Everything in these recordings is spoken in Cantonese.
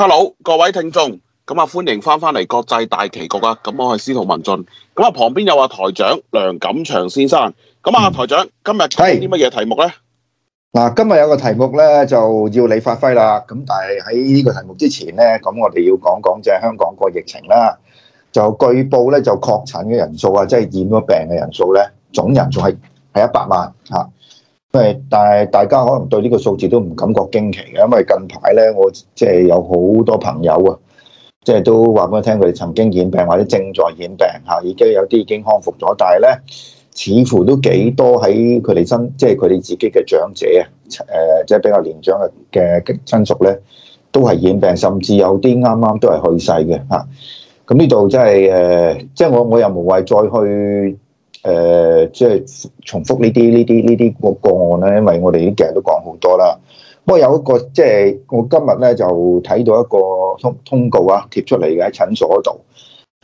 hello，各位聽眾，咁啊歡迎翻翻嚟，國際大棋局啊，咁我係司徒文進，咁啊旁邊有阿台長梁錦祥先生，咁啊台長今日出啲乜嘢題目呢？嗱，今日有個題目呢就要你發揮啦，咁但係喺呢個題目之前呢，咁我哋要講講就係香港個疫情啦，就據報呢就確診嘅人數啊，即係染咗病嘅人數呢，總人數係係一百萬啊。因為但係大家可能對呢個數字都唔感覺驚奇嘅，因為近排咧，我即係有好多朋友啊，即係都話俾我聽，佢哋曾經染病或者正在染病吓，已經有啲已經康復咗，但係咧似乎都幾多喺佢哋身，即係佢哋自己嘅長者啊，誒，即係比較年長嘅嘅親屬咧，都係染病，甚至有啲啱啱都係去世嘅吓。咁呢度真係誒，即係我我又無謂再去。誒，即係、呃就是、重複呢啲呢啲呢啲個案咧，因為我哋其實都講好多啦。不過有一個即係、就是、我今日咧就睇到一個通通告啊，貼出嚟嘅喺診所嗰度，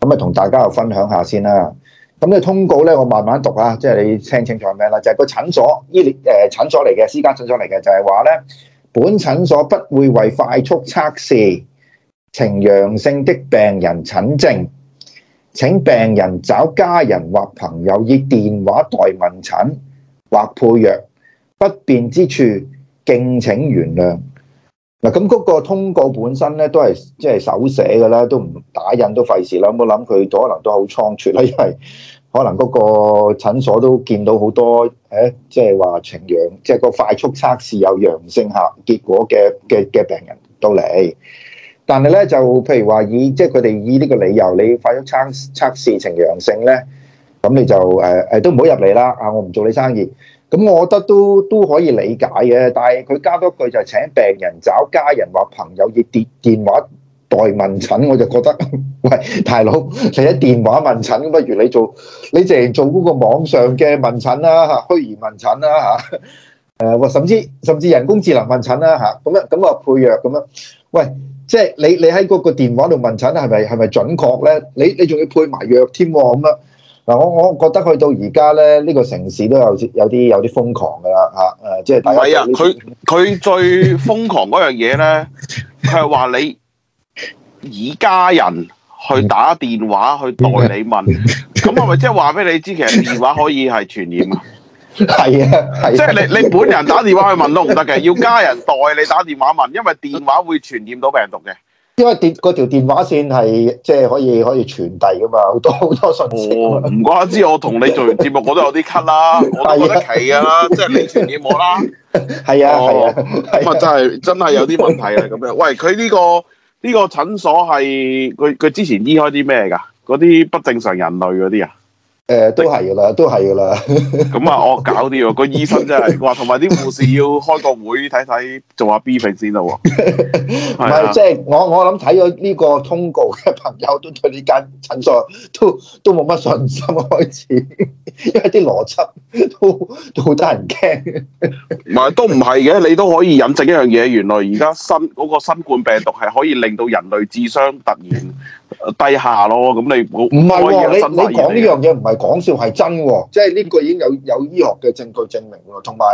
咁啊同大家又分享下先啦。咁呢通告咧，我慢慢讀啊，即、就、係、是、你聽清楚係咩啦。就係、是、個診所醫療誒、呃、診所嚟嘅私家診所嚟嘅，就係話咧，本診所不會為快速測試呈陽性的病人診症。請病人找家人或朋友以電話代問診或配藥，不便之處敬請原諒。嗱，咁嗰個通告本身咧都係即係手寫㗎啦，都唔打印都費事啦。有冇諗佢可能都好倉促啦，因為可能嗰個診所都見到好多誒，即係話呈陽，即係個快速測試有陽性客結果嘅嘅嘅病人到嚟。但係咧，就譬如話以即係佢哋以呢個理由，你快咗測測試呈陽性咧，咁你就誒誒、呃、都唔好入嚟啦。啊，我唔做你生意。咁我覺得都都可以理解嘅，但係佢加多句就係請病人找家人或朋友以電電話代問診，我就覺得喂大佬，你喺電話問診，不如你做你淨係做嗰個網上嘅問診啦、啊，虛擬問診啦、啊、嚇。誒、呃、甚至甚至人工智能問診啦、啊、嚇，咁樣咁啊配藥咁樣喂。即係你你喺嗰個電話度問診係咪係咪準確咧？你你仲要配埋藥添喎，咁啊！嗱，我我覺得去到而家咧，呢個城市都有有啲有啲瘋狂噶啦，嚇、誒，即係唔係啊？佢佢最瘋狂嗰樣嘢咧，係話你以家人去打電話去代理問，咁係咪即係話俾你知其實電話可以係傳染啊？係啊，啊即係你你本人打電話去問都唔得嘅，要家人代你打電話問，因為電話會傳染到病毒嘅。因為電嗰條電話線係即係可以可以傳遞噶嘛，好多好多信息。唔怪之，怪我同你做完節目，我都有啲咳啦，我覺得係噶啦，即係、啊、你傳染我啦。係啊係啊，咁、呃、啊、啊、啊真係真係有啲問題啊咁樣。喂，佢呢、呢個呢、呢個診所係佢佢之前醫開啲咩噶？嗰啲不正常人類嗰啲啊？誒、嗯，都係噶啦，都係噶啦。咁啊，我搞啲定喎， 個醫生真係話，同埋啲護士要開個會睇睇，做下 briefing 先啦。唔係，即係、就是、我我諗睇咗呢個通告嘅朋友，都對呢間診所都都冇乜信心開始，因為啲邏輯都都好得人驚。唔 係都唔係嘅，你都可以引證一樣嘢，原來而家新嗰、那個新冠病毒係可以令到人類智商突然低下咯，咁你唔係、啊、法你你講呢樣嘢唔係講笑，係真喎、啊，即係呢個已經有有醫學嘅證據證明喎，同埋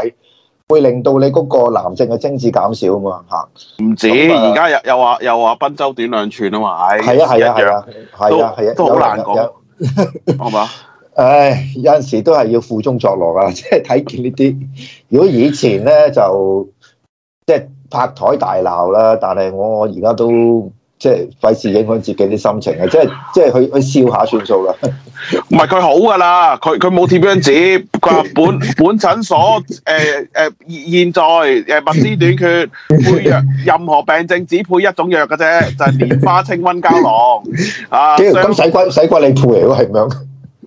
會令到你嗰個男性嘅精子減少啊嘛，吓唔止，而家、嗯啊、又又話又話賓州短兩寸啊嘛，係啊係啊係啊，係啊係啊，都好難講，係嘛？唉，有陣時都係要負重作樂啊，即係睇見呢啲。如果以前咧就即係拍台大鬧啦，但係我而家都。即係費事影響自己啲心情啊！即係即係去去笑下算數啦。唔係佢好噶啦，佢佢冇貼張紙。佢話 本本診所誒誒、呃呃，現在誒物資短缺，配藥任何病症只配一種藥嘅啫，就係、是、蓮花清瘟膠囊啊。咁使鬼使鬼你配嚟噶係咁樣？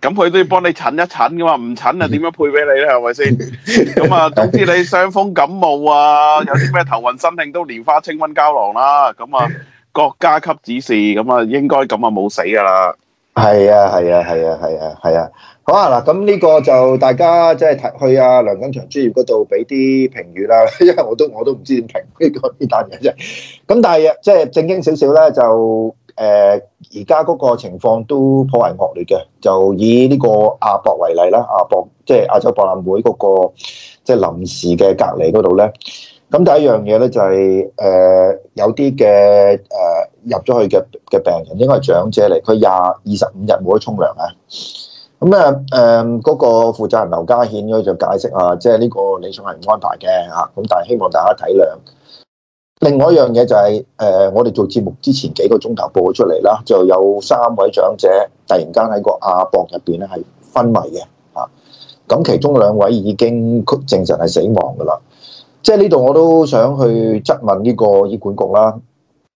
咁佢都要幫你診一診噶嘛？唔診啊，點樣配俾你咧？係咪先？咁啊，總之你傷風感冒啊，有啲咩頭暈身㷫都蓮花清瘟膠囊啦。咁啊。國家級指示咁啊，應該咁啊冇死噶啦。係啊，係啊，係啊，係啊，係啊。好啊，嗱，咁呢個就大家即係去阿梁錦祥專業嗰度俾啲評語啦，因 為我都我都唔知點評呢個呢單嘢啫。咁 但係即係正經少少咧，就誒而家嗰個情況都頗為惡劣嘅。就以呢個亞博為例啦，亞博即係亞洲博覽會嗰個即係臨時嘅隔離嗰度咧。咁第一樣嘢咧就係、是、誒有啲嘅誒入咗去嘅嘅病人，應該係長者嚟，佢廿二十五日冇得沖涼啊！咁啊誒嗰個負責人劉家獻咧就解釋啊，即係呢個理想係唔安排嘅嚇，咁但係希望大家體諒。另外一樣嘢就係、是、誒我哋做節目之前幾個鐘頭播出嚟啦，就有三位長者突然間喺個亞博入邊咧係昏迷嘅嚇，咁其中兩位已經證實係死亡噶啦。即係呢度我都想去質問呢個醫管局啦。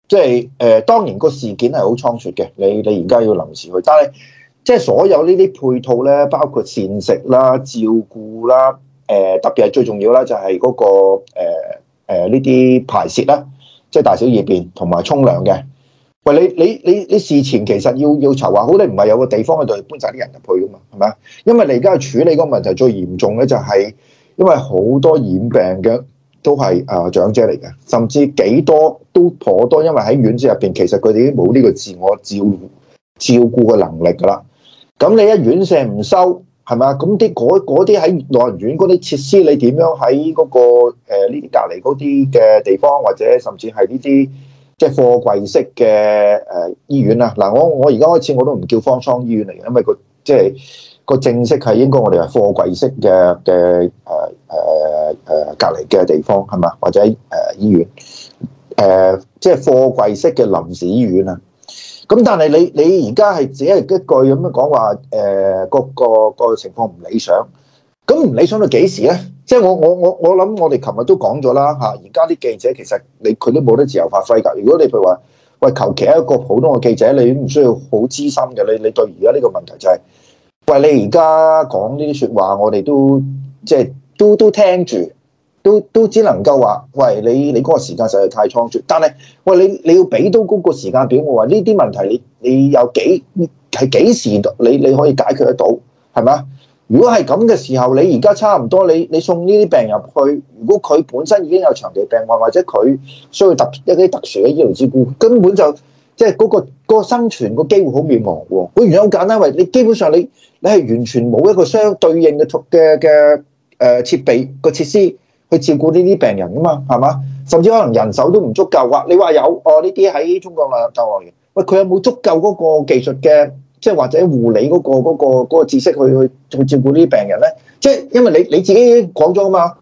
即係誒、呃，當然個事件係好倉促嘅。你你而家要臨時去，但係即係所有呢啲配套咧，包括膳食啦、照顧啦，誒、呃、特別係最重要啦、那個，就係嗰個誒呢啲排泄啦，即係大小二便同埋沖涼嘅。喂，你你你你事前其實要要籌劃，好你唔係有個地方喺度搬晒啲人入去噶嘛，係咪啊？因為你而家處理嗰個問題最嚴重咧，就係因為好多染病嘅。都係誒長者嚟嘅。甚至幾多都頗多，因為喺院舍入邊，其實佢哋已經冇呢個自我照顧照顧嘅能力噶啦。咁你一院舍唔收，係嘛？咁啲啲喺老人院嗰啲設施你、那個，你點樣喺嗰個誒呢啲隔離嗰啲嘅地方，或者甚至係呢啲即係貨櫃式嘅誒、呃、醫院啊？嗱，我我而家開始我都唔叫方艙醫院嚟嘅，因為個即係個正式係應該我哋係貨櫃式嘅嘅誒誒。隔離嘅地方係嘛，或者誒醫院，誒、呃、即係貨櫃式嘅臨時醫院啊。咁但係你你而家係只係一句咁樣講話，誒、呃、個個，個情況唔理想，咁唔理想到幾時咧？即係我我我我諗，我哋琴日都講咗啦嚇。而家啲記者其實你佢都冇得自由發揮㗎。如果你譬如話，喂求其一個普通嘅記者，你唔需要好資深嘅，你你對而家呢個問題就係、是，喂，你而家講呢啲説話，我哋都即係都都，都聽住。都都只能夠話，喂，你你嗰個時間實在太倉促，但係喂，你你要俾到嗰個時間表，我話呢啲問題你你有幾係幾時你你可以解決得到係嘛。如果係咁嘅時候，你而家差唔多你你送呢啲病入去，如果佢本身已經有長期病患，或者佢需要特一啲特殊嘅醫療照顧，根本就即係嗰個嗰個生存個機會好渺茫喎。佢原因好簡單，因為你基本上你你係完全冇一個相對應嘅嘅嘅誒設備個設施，去照顧呢啲病人噶嘛，係嘛？甚至可能人手都唔足夠啊！你話有哦，呢啲喺中國嘅救護員，喂佢有冇足夠嗰個技術嘅，即係或者護理嗰個嗰個嗰個知識去去去照顧呢啲病人咧？即係因為你你自己講咗啊嘛，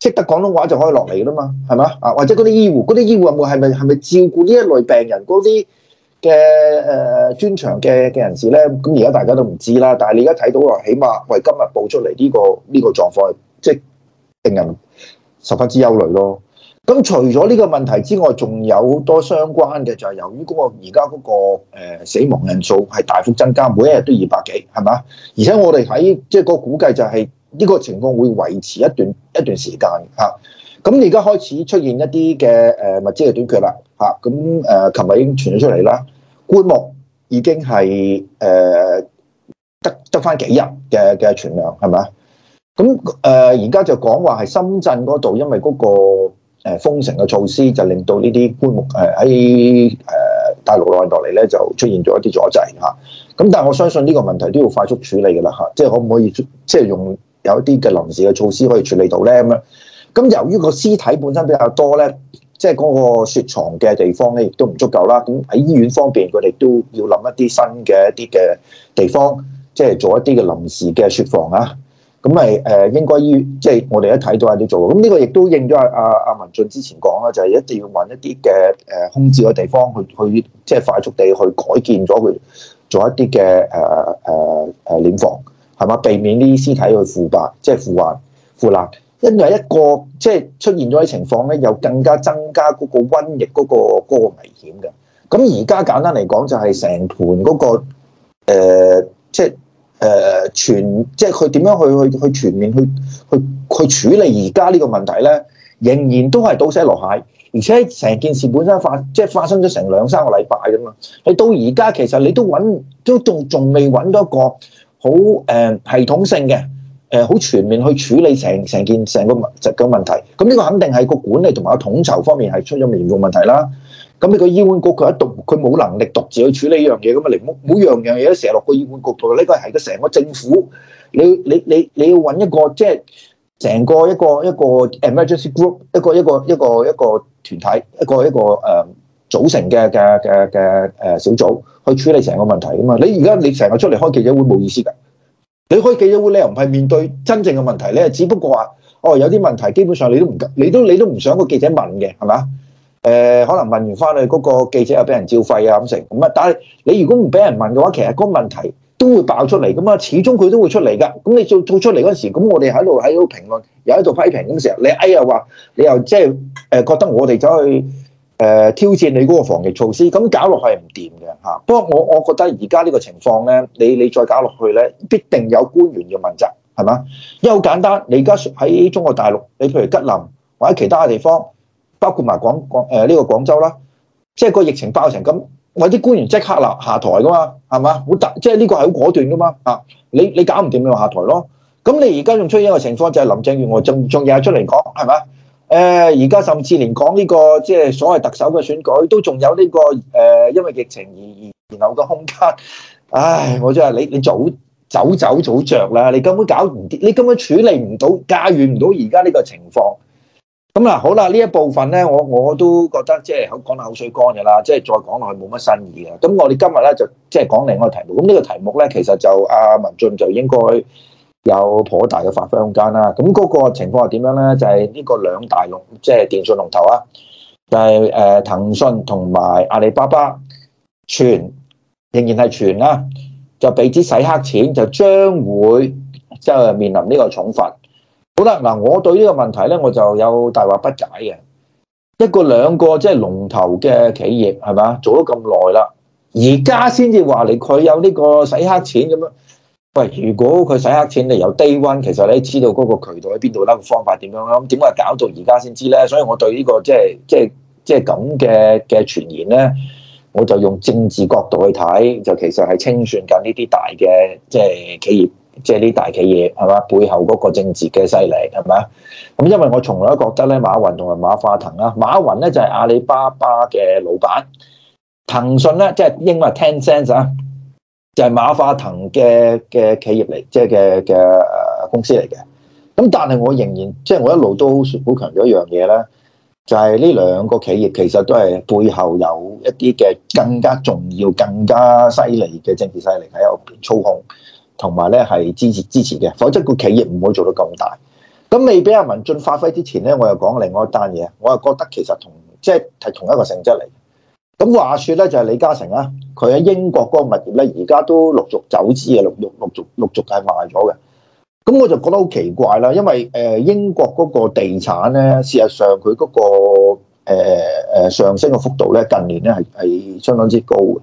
識得廣東話就可以落嚟啦嘛，係嘛？啊或者嗰啲醫護嗰啲醫護係咪係咪照顧呢一類病人嗰啲嘅誒專長嘅嘅人士咧？咁而家大家都唔知啦。但係你而家睇到啊，起碼喂今日報出嚟呢個呢個狀況，即係令人。十分之憂慮咯。咁、嗯、除咗呢個問題之外，仲有好多相關嘅、這個，就係由於嗰個而家嗰個、呃、死亡人數係大幅增加，每一日都二百幾，係嘛？而且我哋喺即係個估計就係呢個情況會維持一段一段時間嚇。咁而家開始出現一啲嘅誒物資嘅短缺啦嚇。咁誒琴日已經傳咗出嚟啦，棺木已經係誒、呃、得得翻幾日嘅嘅存量係嘛？咁誒，而家就講話係深圳嗰度，因為嗰個封城嘅措施，就令到呢啲棺木誒喺誒大陸內落嚟咧，就出現咗一啲阻滯嚇。咁但係我相信呢個問題都要快速處理㗎喇嚇，即係可唔可以即係用有一啲嘅臨時嘅措施可以處理到咧咁樣。咁由於個屍體本身比較多咧，即係嗰個雪藏嘅地方咧，亦都唔足夠啦。咁喺醫院方面，佢哋都要諗一啲新嘅一啲嘅地方，即係做一啲嘅臨時嘅雪房啊。咁咪誒應該依即係我哋一睇到有啲做，咁呢個亦都應咗阿阿阿文進之前講啦，就係、是、一定要揾一啲嘅誒空置嘅地方去去，即、就、係、是、快速地去改建咗佢，做一啲嘅誒誒誒殮房，係、啊、嘛、啊？避免啲屍體去腐敗，即、就、係、是、腐爛腐爛，因為一個即係、就是、出現咗啲情況咧，又更加增加嗰個瘟疫嗰、那個那個危險嘅。咁而家簡單嚟講、那個呃，就係成盤嗰個即係。誒、呃、全即係佢點樣去去去全面去去去處理而家呢個問題咧，仍然都係倒瀉落蟹，而且成件事本身發即係發生咗成兩三個禮拜㗎嘛。你到而家其實你都揾都仲仲未揾到一個好誒、呃、系統性嘅誒好全面去處理成成件成個問實嘅問題。咁呢個肯定係個管理同埋統籌方面係出咗嚴重問題啦。咁你個醫管局佢一度佢冇能力獨自去處理依樣嘢咁啊，每每樣樣嘢都成日落個醫管局度。呢個係個成個政府，你你你你要揾一個即係成個一個一個 Emergency Group，一個一個一個一個團體，一個一個誒、呃、組成嘅嘅嘅嘅誒小組去處理成個問題啊嘛。你而家你成日出嚟開記者會冇意思㗎，你開記者會你又唔係面對真正嘅問題，你係只不過話哦有啲問題基本上你都唔你都你都唔想個記者問嘅係嘛？誒可能問完翻去嗰、那個記者又俾人照肺啊咁成咁啊！但係你如果唔俾人問嘅話，其實嗰個問題都會爆出嚟咁嘛，始終佢都會出嚟噶。咁你做做出嚟嗰時，咁我哋喺度喺度評論，又喺度批評嗰陣候你哎又話你又即係誒覺得我哋走去誒、呃、挑戰你嗰個防疫措施，咁搞落去係唔掂嘅嚇。不過我我覺得而家呢個情況咧，你你再搞落去咧，必定有官員要問責係嘛？因為好簡單，你而家喺中國大陸，你譬如吉林或者其他嘅地方。包括埋廣廣誒呢個廣州啦，即係個疫情爆成咁，或啲官員即刻立下台㗎嘛，係嘛？好即係呢個係好果斷㗎嘛？啊，你你搞唔掂你就下台咯。咁你而家仲出現一個情況就係、是、林鄭月娥仲仲又出嚟講係嘛？誒而家甚至連講呢、這個即係、就是、所謂特首嘅選舉都仲有呢、這個誒、呃、因為疫情而然後嘅空間。唉，我真係你你早走走早著啦，你根本搞唔掂，你根本處理唔到，駕馭唔到而家呢個情況。咁嗱，好啦，呢一部分咧，我我都覺得即係講得口水乾嘅啦，即係再講落去冇乜新意啦。咁我哋今日咧就即係講另外個題目。咁呢個題目咧，其實就阿、啊、文進就應該有頗大嘅發揮空間啦。咁嗰個情況係點樣咧？就係、是、呢個兩大用，即、就、係、是、電信龍頭啊，就係、是、誒騰訊同埋阿里巴巴，全仍然係全啦、啊，就俾指洗黑錢，就將會即係面臨呢個重罰。好啦，嗱，我對呢個問題咧，我就有大惑不解嘅。一個兩個即係龍頭嘅企業，係嘛，做咗咁耐啦，而家先至話嚟佢有呢個洗黑錢咁樣。喂，如果佢洗黑錢，你由 day one，其實你知道嗰個渠道喺邊度啦，個方法點樣啦，咁點解搞到而家先知咧？所以我對、這個、呢個即係即係即係咁嘅嘅傳言咧，我就用政治角度去睇，就其實係清算緊呢啲大嘅即係企業。即係呢啲大企業係嘛，背後嗰個政治嘅勢力係嘛？咁因為我從來都覺得咧，馬雲同埋馬化騰啦，馬雲咧就係阿里巴巴嘅老闆，騰訊咧即係英文 Tencent 啊，就係馬化騰嘅嘅企業嚟，即係嘅嘅公司嚟嘅。咁但係我仍然即係我一路都好強調一樣嘢咧，就係呢兩個企業其實都係背後有一啲嘅更加重要、更加犀利嘅政治勢力喺後邊操控。同埋咧係支持支持嘅，否則個企業唔會做到咁大。咁未俾阿文進發揮之前咧，我又講另外一單嘢，我又覺得其實同即係係同一個性質嚟。咁話説咧就係、是、李嘉誠啊，佢喺英國嗰個物業咧，而家都陸續走資啊，陸陸陸續陸續係賣咗嘅。咁我就覺得好奇怪啦，因為誒英國嗰個地產咧，事實上佢嗰、那個誒、呃、上升嘅幅度咧，近年咧係係相當之高嘅。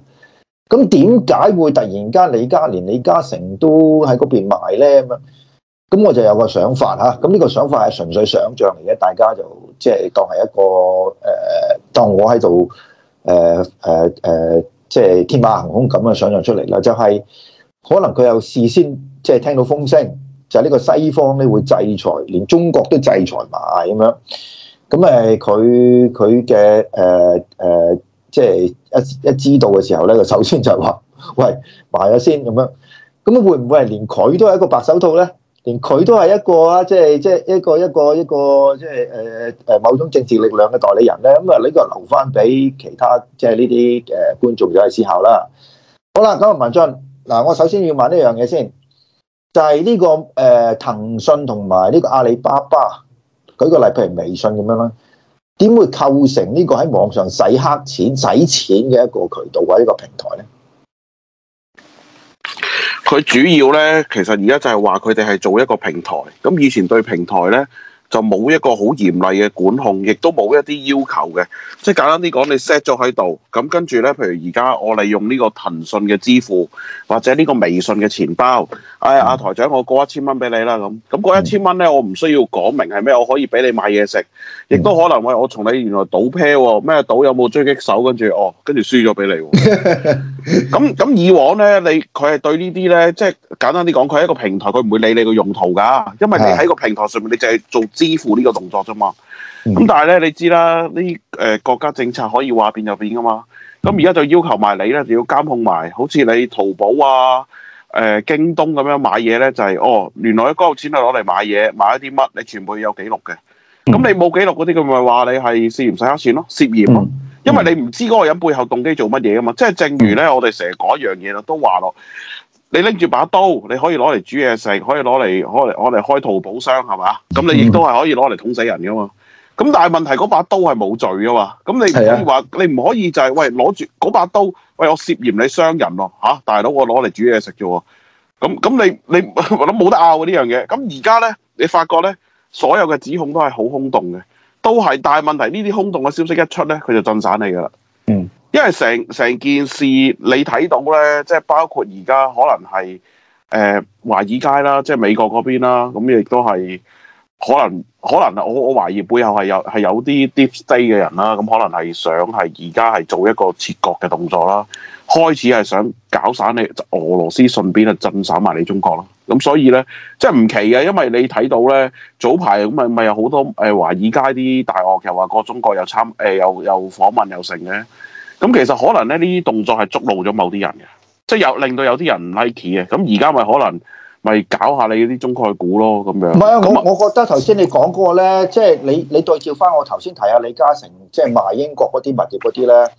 咁點解會突然間李嘉連李嘉誠都喺嗰邊賣咧咁樣？咁我就有個想法吓，咁呢個想法係純粹想象嚟嘅，大家就即係、就是、當係一個誒、呃，當我喺度誒誒誒，即、呃、係、呃呃就是、天馬行空咁嘅想象出嚟啦，就係、是、可能佢又事先即係、就是、聽到風聲，就呢、是、個西方咧會制裁，連中國都制裁埋咁樣，咁誒佢佢嘅誒誒。即係一一知道嘅時候咧，就首先就話，喂，賣咗先咁樣。咁會唔會係連佢都係一個白手套咧？連佢都係一個啊！即係即係一個一個一個即係誒誒某種政治力量嘅代理人咧。咁啊，呢個留翻俾其他即係呢啲誒觀眾去思考啦。好啦，咁啊，文進嗱，我首先要問呢樣嘢先，就係、是、呢個誒騰訊同埋呢個阿里巴巴，舉個例，譬如微信咁樣啦。點會構成呢個喺網上洗黑錢、洗錢嘅一個渠道，或者一個平台呢？佢主要呢，其實而家就係話佢哋係做一個平台。咁以前對平台呢。就冇一個好嚴厲嘅管控，亦都冇一啲要求嘅，即係簡單啲講，你 set 咗喺度，咁跟住呢，譬如而家我利用呢個騰訊嘅支付或者呢個微信嘅錢包，哎，阿、啊、台長，我過一千蚊俾你啦，咁，咁、嗰、一千蚊呢，我唔需要講明係咩，我可以俾你買嘢食，亦都可能係我從你原來賭啤，咩賭有冇追擊手，跟住哦，跟住輸咗俾你。 咁咁以往咧，你佢係對呢啲咧，即係簡單啲講，佢係一個平台，佢唔會理你個用途㗎，因為你喺個平台上面，你就係做支付呢個動作啫嘛。咁但係咧，你知啦，呢誒、呃、國家政策可以話變就變㗎嘛。咁而家就要求埋你咧，就要監控埋，好似你淘寶啊、誒、呃、京東咁樣買嘢咧，就係、是、哦，原來嗰啲錢係攞嚟買嘢，買一啲乜，你全部要有記錄嘅。咁、嗯、你冇記錄嗰啲，佢咪話你係涉嫌洗黑錢咯、啊，涉嫌啊！嗯因為你唔知嗰個人背後動機做乜嘢啊嘛，即係正如咧，我哋成日講一樣嘢咯，都話咯，你拎住把刀，你可以攞嚟煮嘢食，可以攞嚟，可以攞嚟開淘寶箱，係嘛？咁你亦都係可以攞嚟捅死人噶嘛？咁但係問題嗰把刀係冇罪噶嘛？咁你唔可以話，你唔可以就係、是、喂攞住嗰把刀，喂我涉嫌你傷人咯嚇、啊？大佬我攞嚟煮嘢食啫喎，咁咁你你我諗冇得拗喎呢樣嘢。咁而家咧，你發覺咧，所有嘅指控都係好空洞嘅。都係，大問題呢啲空洞嘅消息一出咧，佢就震散你噶啦。嗯，因為成成件事你睇到咧，即係包括而家可能係誒、呃、華爾街啦，即係美國嗰邊啦，咁、嗯、亦都係可能可能我我懷疑背後係有係有啲 deep state 嘅人啦，咁、嗯、可能係想係而家係做一個切割嘅動作啦。開始係想搞散你俄羅斯，順便啊震散埋你中國咯。咁所以咧，即係唔奇嘅，因為你睇到咧，早排咁咪咪有好多誒華爾街啲大鱷又話過中國參、呃、又參誒又又訪問又成嘅。咁其實可能咧呢啲動作係觸怒咗某啲人嘅，即係有令到有啲人唔 like 嘅。咁而家咪可能咪搞下你啲中概股咯咁樣。唔係啊，這樣 我我覺得頭先你講嗰個咧，即係你你對照翻我頭先提下李嘉誠即係賣英國嗰啲物業嗰啲咧。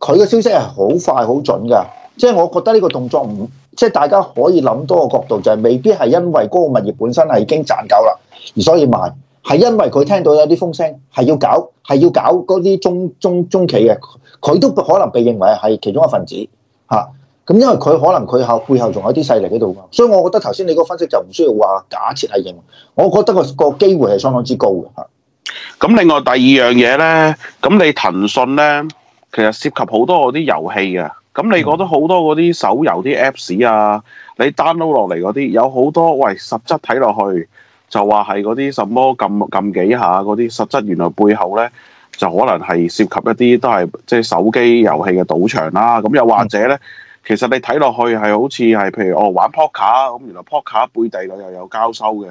佢嘅消息係好快好準㗎，即係我覺得呢個動作唔，即係大家可以諗多個角度就係未必係因為嗰個物業本身係已經賺夠啦，而所以賣，就是，係因為佢聽到有啲風聲係要搞，係要搞嗰啲中中中企嘅，佢都可能被認為係其中一份子吓。咁因為佢可能佢後背後仲有啲勢力喺度，所以我覺得頭先你個分析就唔需要話假設係認，我覺得嗰個機會係相當之高嘅吓。咁另外第二樣嘢呢，咁你騰訊呢？其實涉及好多嗰啲遊戲嘅，咁你覺得好多嗰啲手遊啲 Apps 啊，你 download 落嚟嗰啲，有好多，喂，實質睇落去就話係嗰啲什麼撳撳幾下嗰啲實質，原來背後咧就可能係涉及一啲都係即係手機遊戲嘅賭場啦、啊，咁又或者咧，嗯、其實你睇落去係好似係譬如哦玩 poker 咁，原來 poker 背地裏又有交收嘅。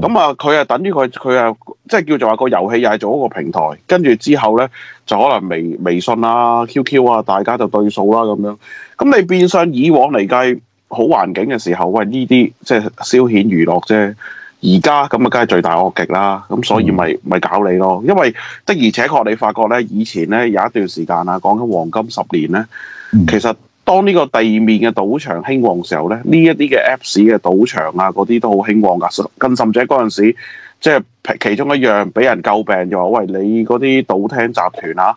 咁啊，佢啊、嗯、等於佢，佢啊即係叫做話個遊戲又係做一個平台，跟住之後咧就可能微微信啊、QQ 啊，大家就對數啦咁樣。咁你變相以往嚟計好環境嘅時候，喂呢啲即係消遣娛樂啫。而家咁啊，梗係最大惡極啦。咁所以咪咪、嗯、搞你咯，因為的而且確你發覺咧，以前咧有一段時間啊，講緊黃金十年咧，嗯、其實。當呢個地面嘅賭場興旺時候呢，呢一啲嘅 Apps 嘅賭場啊，嗰啲都好興旺㗎。更甚至喺嗰陣時，即係其中一樣俾人詬病，就話：喂，你嗰啲賭廳集團啊，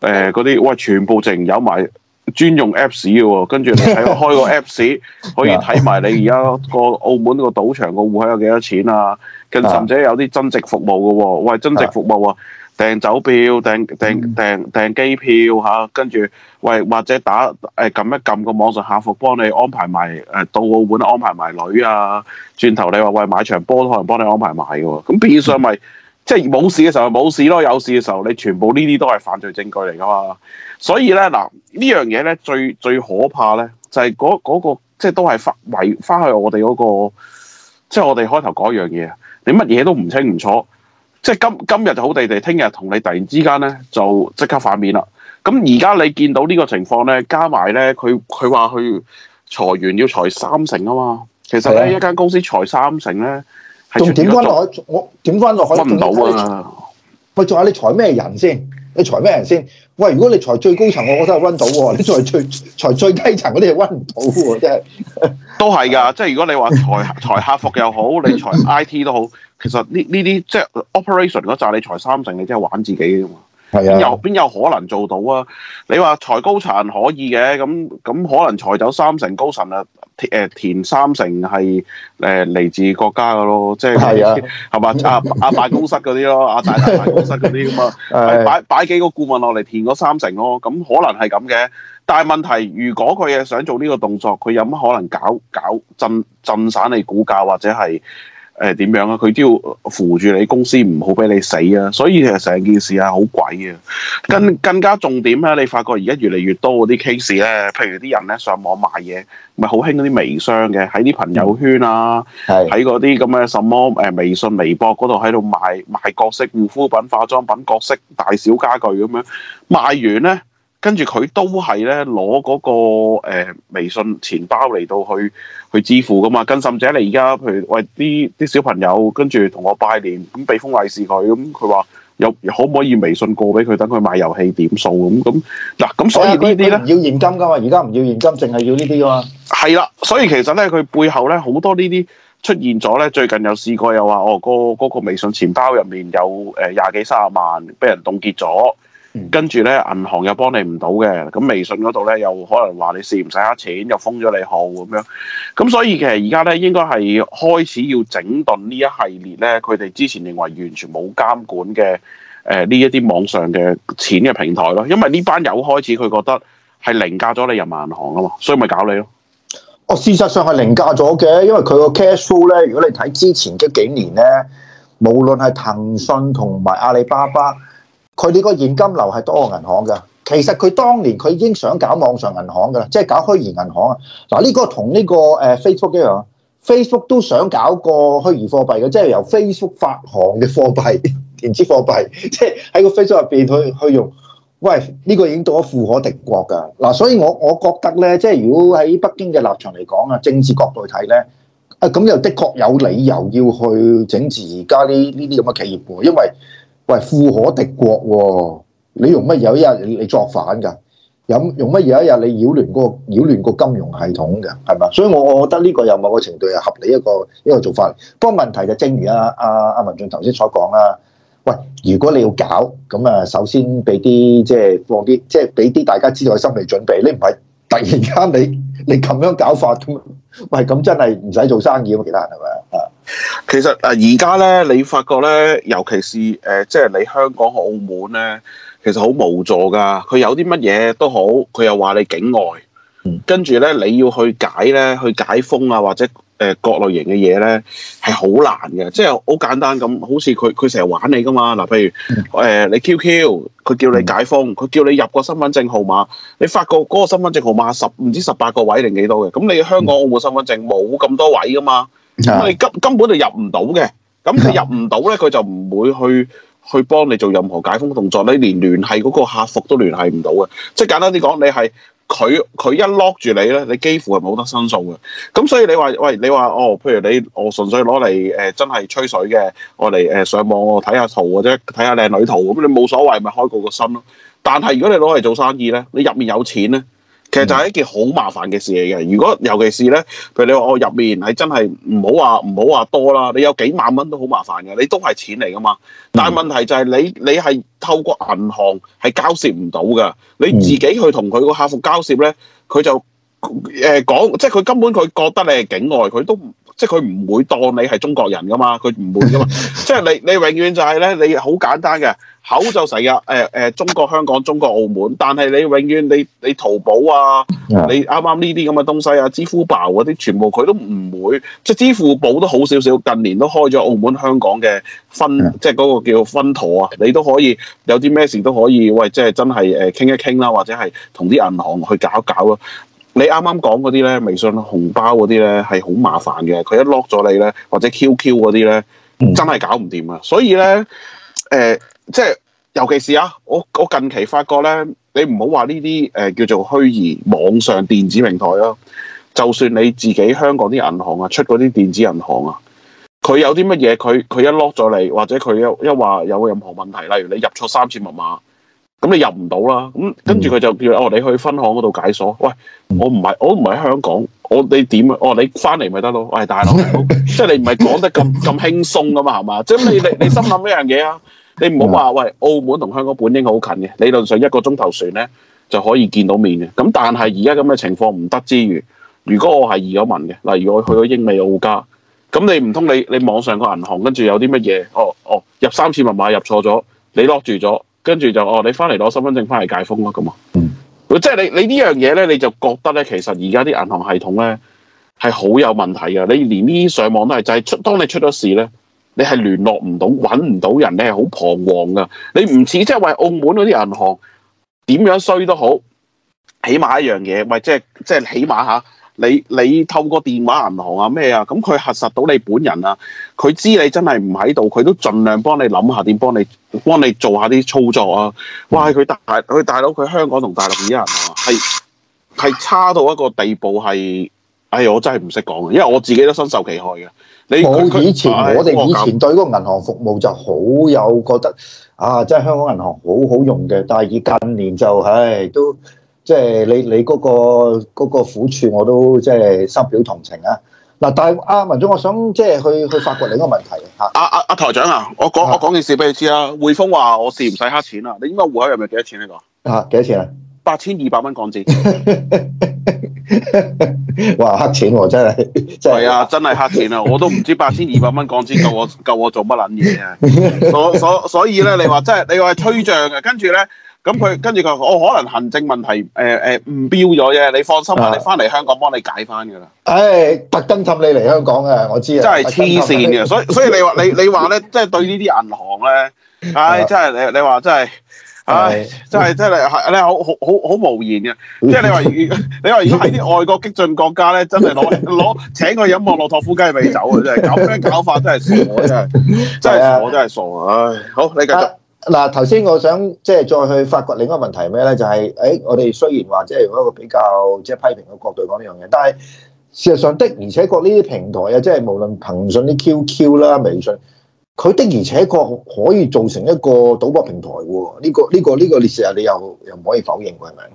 誒嗰啲，喂，全部淨有埋專用 Apps 嘅喎、啊。跟住你喺開個 Apps 可以睇埋你而家個澳門個賭場個戶口有幾多錢啊？更甚至有啲增值服務嘅喎、啊，喂，增值服務啊！訂酒票，訂訂訂訂，訂，訂機票吓，跟、啊、住喂，或者打誒撳、呃、一撳個網上客服幫你安排埋誒、呃、到澳門安排埋女啊，轉頭你話喂，買場波都可能幫你安排埋嘅，咁變相咪即係冇事嘅時候冇事咯，有事嘅時候你全部呢啲都係犯罪證據嚟噶嘛，所以咧，嗱，呢樣嘢咧最最可怕咧就係嗰嗰個即係都係翻回翻去我哋嗰個，即係我哋、那個、開頭講一樣嘢你乜嘢都唔清唔楚。即係今今日就好地地，聽日同你突然之間咧就即刻反面啦。咁而家你見到呢個情況咧，加埋咧佢佢話佢裁員要裁三成啊嘛。其實咧、啊、一間公司裁三成咧，仲點翻落去？我點翻落去？揾唔到啊！喂，仲話你裁咩人先？你裁咩人先？喂，如果你裁最高層，我覺得係温到喎；你裁最裁最低層嗰啲係温唔到喎，真係都係㗎。 即係如果你話裁裁客服又好，你裁 I T 都好，其實呢呢啲即係 operation 嗰扎，你裁三成，你真係玩自己嘅嘛。邊有邊有可能做到啊？你話裁高層可以嘅，咁咁可能裁走三成高，高層啊，誒、呃、填三成係誒嚟自國家嘅咯，即係係 啊，係嘛？阿阿辦公室嗰啲咯，阿大辦公室嗰啲咁啊，擺擺幾個顧問落嚟填嗰三成咯，咁、嗯、可能係咁嘅。但係問題，如果佢係想做呢個動作，佢有乜可能搞搞、搞震震散你股價或者係？誒點、呃、樣啊？佢都要扶住你公司，唔好俾你死啊！所以其實成件事係好鬼啊！更更加重點咧，你發覺而家越嚟越多嗰啲 case 咧，譬如啲人咧上網賣嘢，咪好興嗰啲微商嘅，喺啲朋友圈啦、啊，喺嗰啲咁嘅什麼誒微信、微博嗰度喺度賣賣各式護膚品、化妝品、各式大小家具咁樣賣完咧，跟住佢都係咧攞嗰個、呃、微信錢包嚟到去。佢支付噶嘛？跟甚者你而家，譬如喂啲啲小朋友，跟住同我拜年咁，俾封利是佢咁，佢話有可唔可以微信過俾佢，等佢買遊戲點數咁咁嗱咁，啊、所以呢啲咧，啊、要現金噶嘛？而家唔要現金，淨係要呢啲噶嘛？係啦，所以其實咧，佢背後咧好多呢啲出現咗咧，最近有試過又話哦，嗰嗰、嗰個嗰個微信錢包入面有誒廿幾卅萬俾人凍結咗。嗯、跟住咧，銀行又幫你唔到嘅，咁、嗯、微信嗰度咧又可能話你試唔使下錢，又封咗你號咁樣。咁、嗯、所以其實而家咧應該係開始要整頓呢一系列咧，佢哋之前認為完全冇監管嘅誒呢一啲網上嘅錢嘅平台咯。因為呢班友開始佢覺得係凌駕咗你入民銀行啊嘛，所以咪搞你咯。哦，事實上係凌駕咗嘅，因為佢個 cash flow 咧，如果你睇之前幾年咧，無論係騰訊同埋阿里巴巴。佢哋個現金流係多過銀行嘅，其實佢當年佢已經想搞網上銀行嘅啦，即係搞虛擬銀行啊！嗱，呢個同呢個誒 Facebook 一樣，Facebook 都想搞個虛擬貨幣嘅，即係由 Facebook 發行嘅貨幣、電子貨幣，即係喺個 Facebook 入邊去去用。喂，呢個已經到咗富可敵國㗎嗱，所以我我覺得咧，即係如果喺北京嘅立場嚟講啊，政治角度去睇咧，啊咁又的確有理由要去整治而家啲呢啲咁嘅企業喎，因為，喂，富可敵國喎、哦，你用乜有一日你作反㗎？有用乜有一日你擾亂嗰、那個擾亂個金融系統㗎？係咪？所以我我覺得呢個有某個程度係合理一個一個做法。不過問題就正如阿阿阿文俊頭先所講啦。喂，如果你要搞咁啊，首先俾啲即係放啲即係俾啲大家知道嘅心理準備，你唔係突然間你。你咁樣搞法咁，喂，咁真係唔使做生意啊！其他人係咪啊？其實啊，而家咧，你發覺咧，尤其是誒、呃，即係你香港、澳門咧，其實好無助㗎。佢有啲乜嘢都好，佢又話你境外，跟住咧你要去解咧，去解封啊，或者。誒各類型嘅嘢咧係好難嘅，即係好簡單咁，好似佢佢成日玩你噶嘛。嗱，譬如誒、呃、你 QQ，佢叫你解封，佢叫你入個身份證號碼，你發覺嗰個身份證號碼十唔知十八個位定幾多嘅，咁你香港澳門身份證冇咁多位噶嘛，你根根本入入就入唔到嘅。咁佢入唔到咧，佢就唔會去去幫你做任何解封動作，你連聯繫嗰個客服都聯繫唔到嘅，即係簡單啲講，你係。佢佢一 lock 住你咧，你幾乎係冇得申訴嘅。咁所以你話，喂你話哦，譬如你我純粹攞嚟誒，真係吹水嘅，我嚟誒上網睇下圖或者睇下靚女圖，咁你冇所謂咪開個個心咯。但係如果你攞嚟做生意咧，你入面有錢咧。其實就係一件好麻煩嘅事嚟嘅，如果尤其是咧，譬如你話我入面係真係唔好話唔好話多啦，你有幾萬蚊都好麻煩嘅，你都係錢嚟㗎嘛。但係問題就係你你係透過銀行係交涉唔到㗎，你自己去同佢個客服交涉咧，佢就。誒、呃、講，即係佢根本佢覺得你係境外，佢都唔即係佢唔會當你係中國人噶嘛，佢唔會噶嘛。即係你你永遠就係咧，你好簡單嘅口就成日誒誒中國香港、中國澳門。但係你永遠你你淘寶啊，你啱啱呢啲咁嘅東西啊，支付寶嗰啲，全部佢都唔會。即係支付寶都好少少，近年都開咗澳門、香港嘅分，即係嗰個叫分舵啊。你都可以有啲咩事都可以，喂，即係真係誒傾一傾啦，或者係同啲銀行去搞一搞咯。你啱啱講嗰啲咧，微信紅包嗰啲咧係好麻煩嘅，佢一 lock 咗你咧，或者 QQ 嗰啲咧，真係搞唔掂啊！所以咧，誒、呃，即係尤其是啊，我我近期發覺咧，你唔好話呢啲誒叫做虛擬網上電子平台咯，就算你自己香港啲銀行啊出嗰啲電子銀行啊，佢有啲乜嘢，佢佢一 lock 咗你，或者佢一話有任何問題，例如你入錯三次密碼。咁你入唔到啦，咁跟住佢就叫哦，你去分行嗰度解鎖。喂，我唔係，我唔係喺香港，我你點啊？哦，你翻嚟咪得咯。喂，大佬，即係 你唔係講得咁咁輕鬆噶嘛，係嘛？即係你你你心諗一樣嘢啊，你唔好話喂，澳門同香港本應好近嘅，理論上一個鐘頭船咧就可以見到面嘅。咁但係而家咁嘅情況唔得之餘，如果我係移咗民嘅，例如我去咗英美澳加，咁你唔通你你網上個銀行跟住有啲乜嘢？哦哦，入三次密碼入錯咗，你 lock 住咗。跟住就哦，你翻嚟攞身份證翻嚟解封咯，咁啊，嗯即，即係你你呢樣嘢咧，你就覺得咧，其實而家啲銀行系統咧係好有問題噶！你連呢啲上網都係，就係、是、出當你出咗事咧，你係聯絡唔到，揾唔到人，你係好彷徨噶。你唔似即係話澳門嗰啲銀行點樣衰都好，起碼一樣嘢，咪即係即係起碼吓、啊、你你透過電話銀行啊咩啊，咁佢核實到你本人啊，佢知你真係唔喺度，佢都盡量幫你諗下點幫你。幫你做下啲操作啊！哇，佢大佢大佬，佢香港同大陸啲人係係差到一個地步，係、哎、唉，我真係唔識講嘅，因為我自己都深受其害嘅。你以前我哋以前對嗰個銀行服務就好有覺得啊，真係香港銀行好好用嘅，但係以近年就唉、哎、都即係你你嗰、嗰個嗰個苦處，我都即係深表同情啊！嗱，但係阿文總，我想即係去去發掘你個問題啊！阿、啊、阿台長啊，我講我講件事俾你知啊，匯豐話我試唔使黑錢啊，你應該戶口入面幾多錢呢個？啊，幾多錢啊？八千二百蚊港紙。 哇，黑錢喎，真係真係啊，真係、啊、黑錢啊！我都唔知八千二百蚊港紙夠我夠 我做乜撚嘢啊！所所所以咧，你話即係你話吹漲嘅，跟住咧。咁佢跟住佢，我可能行政問題，誒誒唔標咗啫。你放心啊， 你翻嚟香港幫你解翻噶啦。誒、哎，特登氹你嚟香港啊！我知啊，真係黐線嘅。所以所以你話你你話咧，即係對呢啲銀行咧，唉，真係你你話真係，誒、哎、真係真係係你好好好好無言嘅。嗯、即係你話，你話如果喺啲外國激進國家咧，真係攞攞請佢飲莫洛托夫雞尾酒啊！真係搞咩搞法真係嘅？真係傻真係真係我真係傻。唉， 好你繼續。嗱，頭先我想即係再去發掘另一個問題係咩咧？就係、是，誒、哎，我哋雖然話即係用一個比較即係批評嘅角度講呢樣嘢，但係事實上的而且確呢啲平台啊，即係無論騰訊啲 QQ 啦、Q Q，微信，佢的而且確可以做成一個賭博平台喎。呢個呢個呢個，這個這個、你事實你又又唔可以否認佢係咪？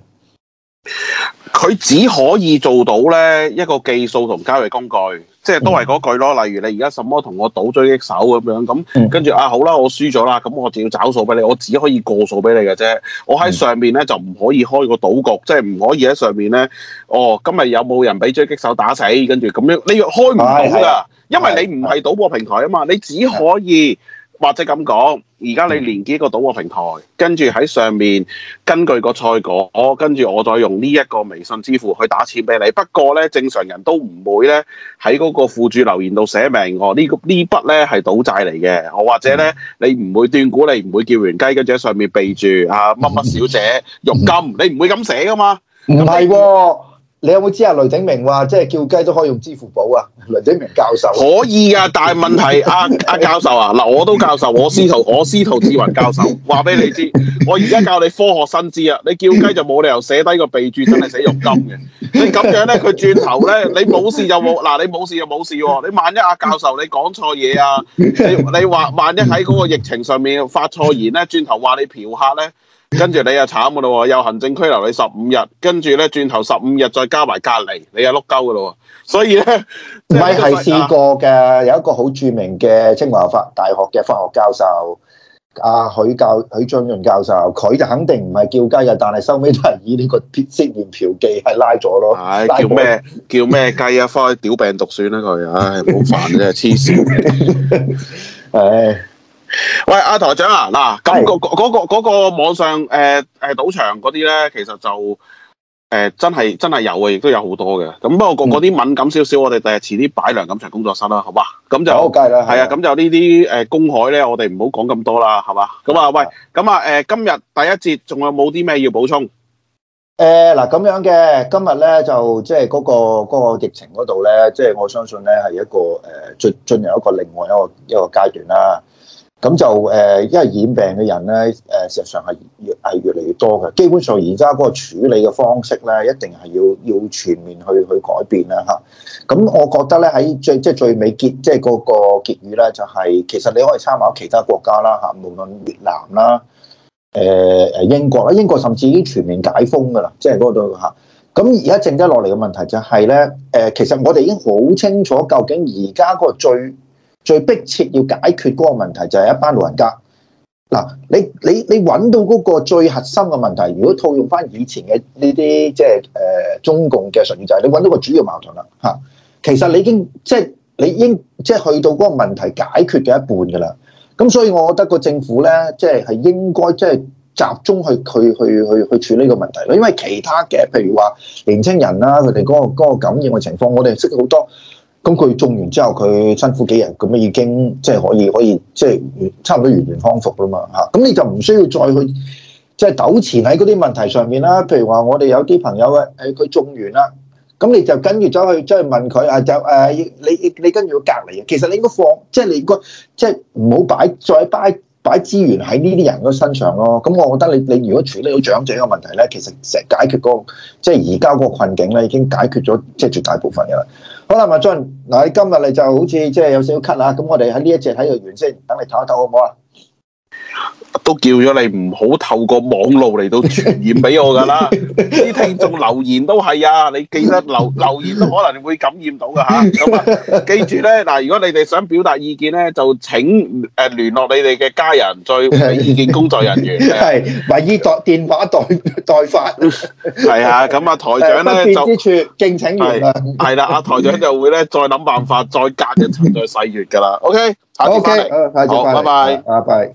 佢只可以做到咧一個計數同交易工具。即係都係嗰句咯，例如你而家什麼同我賭追擊手咁樣，咁跟住啊好啦，我輸咗啦，咁我就要找數俾你，我只可以過數俾你嘅啫。我喺上面咧就唔可以開個賭局，即係唔可以喺上面咧。哦，今日有冇人俾追擊手打死？跟住咁樣，你要開唔到㗎，因為你唔係賭博平台啊嘛，你只可以或者咁講。而家你連結個賭波平台，跟住喺上面根據個賽果，跟住我再用呢一個微信支付去打錢俾你。不過咧，正常人都唔會咧喺嗰個附註留言度寫明我、哦、呢個呢筆咧係賭債嚟嘅。我或者咧你唔會斷估，你唔會，會叫完雞，跟住喺上面備註啊乜乜小姐玉金，你唔會咁寫噶嘛？唔係喎。你有冇知啊？雷鼎鳴話即係叫雞都可以用支付寶啊！雷鼎鳴教授可以噶、啊，但係問題阿阿、啊啊、教授啊，嗱我都教授，我司徒我司徒志雲教授話俾你知，我而家教你科學新知啊！你叫雞就冇理由寫低個備註，真係死用金嘅。你咁樣咧，佢轉頭咧，你冇事就冇嗱、啊，你冇事就冇事喎、啊。你萬一阿、啊、教授你講錯嘢啊，你你話萬一喺嗰個疫情上面發錯言咧，轉頭話你嫖客咧。跟住你又慘噶咯，又行政拘留你十五日，跟住咧轉頭十五日再加埋隔離，你又碌鳩噶咯。所以咧，咪係、就是、試過嘅，有一個好著名嘅清華大學嘅法學教授，阿、啊、許教許章潤教授，佢就肯定唔係叫雞嘅，但係收尾都係以呢個涉嫌嫖妓係拉咗咯。唉、哎，叫咩 叫咩雞啊？翻去屌病毒算啦佢，唉、哎，好煩啫，黐線，唉。喂，阿、啊、台長啊，嗱，咁嗰嗰個、那個那個那個網上誒誒、呃、賭場嗰啲咧，其實就誒、呃、真係真係有嘅，亦都有好多嘅。咁不過嗰啲敏感少少，我哋第日遲啲擺涼咁場工作室啦，好嘛？咁就係啊，咁就呢啲誒公海咧，我哋唔好講咁多啦，係嘛的？咁啊，喂、嗯，咁、嗯、啊，誒、嗯，今日第一節仲有冇啲咩要補充？誒、呃，嗱，咁樣嘅，今日咧就即係嗰、那個、那個疫情嗰度咧，即係我相信咧係一個誒進進入一個另外一個一個階段啦。咁就誒，因為染病嘅人咧，誒，事實上係越係越嚟越多嘅。基本上而家嗰個處理嘅方式咧，一定係要要全面去去改變啦嚇。咁、啊、我覺得咧，喺最即係最尾結，即係嗰個結語咧，就係、是、其實你可以參考其他國家啦嚇、啊，無論越南啦，誒、啊、誒英國啦，英國甚至已經全面解封㗎啦，即係度嚇。咁而家剩低落嚟嘅問題就係、是、咧，誒、啊，其實我哋已經好清楚究竟而家個最最迫切要解決嗰個問題就係一班老人家嗱，你你你揾到嗰個最核心嘅問題，如果套用翻以前嘅呢啲即係誒中共嘅術語，就係你揾到個主要矛盾啦嚇。其實你已經即係你應即係去到嗰個問題解決嘅一半㗎啦。咁所以我覺得個政府咧，即係係應該即係集中去去去去去處理呢個問題咯。因為其他嘅譬如話年輕人啦、啊，佢哋嗰個嗰、嗰個感染嘅情況，我哋識好多。咁佢種完之後，佢辛苦幾日，咁樣已經即係可以可以即係差唔多完全康復啦嘛嚇。咁你就唔需要再去即係糾纏喺嗰啲問題上面啦。譬如話，我哋有啲朋友誒誒，佢種完啦，咁你就跟住走去即係問佢啊，就誒你你跟住要隔離啊。其實你應該放，即係你個即係唔好擺再擺擺資源喺呢啲人嘅身上咯。咁我覺得你你如果處理到長者嘅問題咧，其實成解決嗰個即係而家個困境咧，已經解決咗即係絕大部分嘅啦。好啦，文進，嗱，今日你就好似即係有少少咳啊，咁我哋喺呢一隻睇完先，等你唞一唞好唔好啊？都叫咗你唔好透過網絡嚟到傳染俾我㗎啦。啲聽眾留言都係啊，你記得留留言都可能會感染到㗎嚇。咁啊，記住咧嗱，如果你哋想表達意見咧，就請誒聯絡你哋嘅家人再俾意見工作人員係，或者代電話代代發係啊。咁啊，台長咧就不便之處敬請，係啦，阿台長就會咧再諗辦法，再隔一層，再細閱㗎啦。OK，下次翻嚟，好，拜拜，拜拜。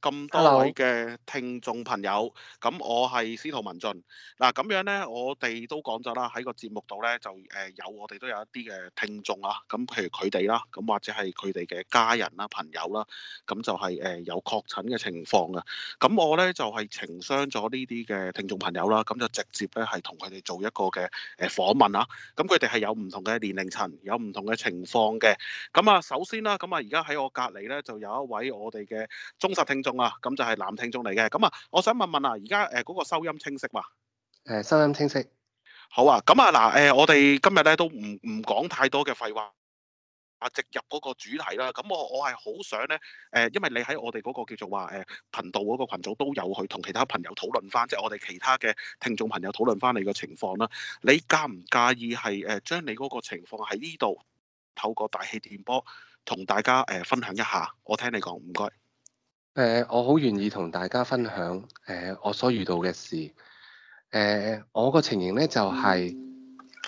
咁多 Hello. 位嘅聽眾朋友，咁我係司徒文俊，司徒文進嗱，咁樣咧，我哋都講咗啦，喺個節目度咧就誒有我哋都有一啲嘅聽眾啊，咁譬如佢哋啦，咁或者係佢哋嘅家人啦、朋友啦，咁就係誒有確診嘅情況啊，咁我咧就係、是、情商咗呢啲嘅聽眾朋友啦，咁就直接咧係同佢哋做一個嘅誒訪問啦，咁佢哋係有唔同嘅年齡層，有唔同嘅情況嘅，咁啊首先啦，咁啊而家喺我隔籬咧就有一位我哋嘅忠實聽眾。咁就係男聽眾嚟嘅。咁啊，我想問問啊，而家誒嗰個收音清晰嘛？誒，收音清晰。好啊，咁啊嗱，誒、呃、我哋今日咧都唔唔講太多嘅廢話，啊直入嗰個主題啦。咁我我係好想咧誒、呃，因為你喺我哋嗰個叫做話誒、呃、頻道嗰個羣組都有去同其他朋友討論翻，即、就、係、是、我哋其他嘅聽眾朋友討論翻你嘅情況啦。你介唔介意係誒、呃、將你嗰個情況喺呢度透過大氣電波同大家誒、呃、分享一下？我聽你講，唔該。誒、呃，我好願意同大家分享誒、呃、我所遇到嘅事。誒、呃，我個情形咧就係、是、誒、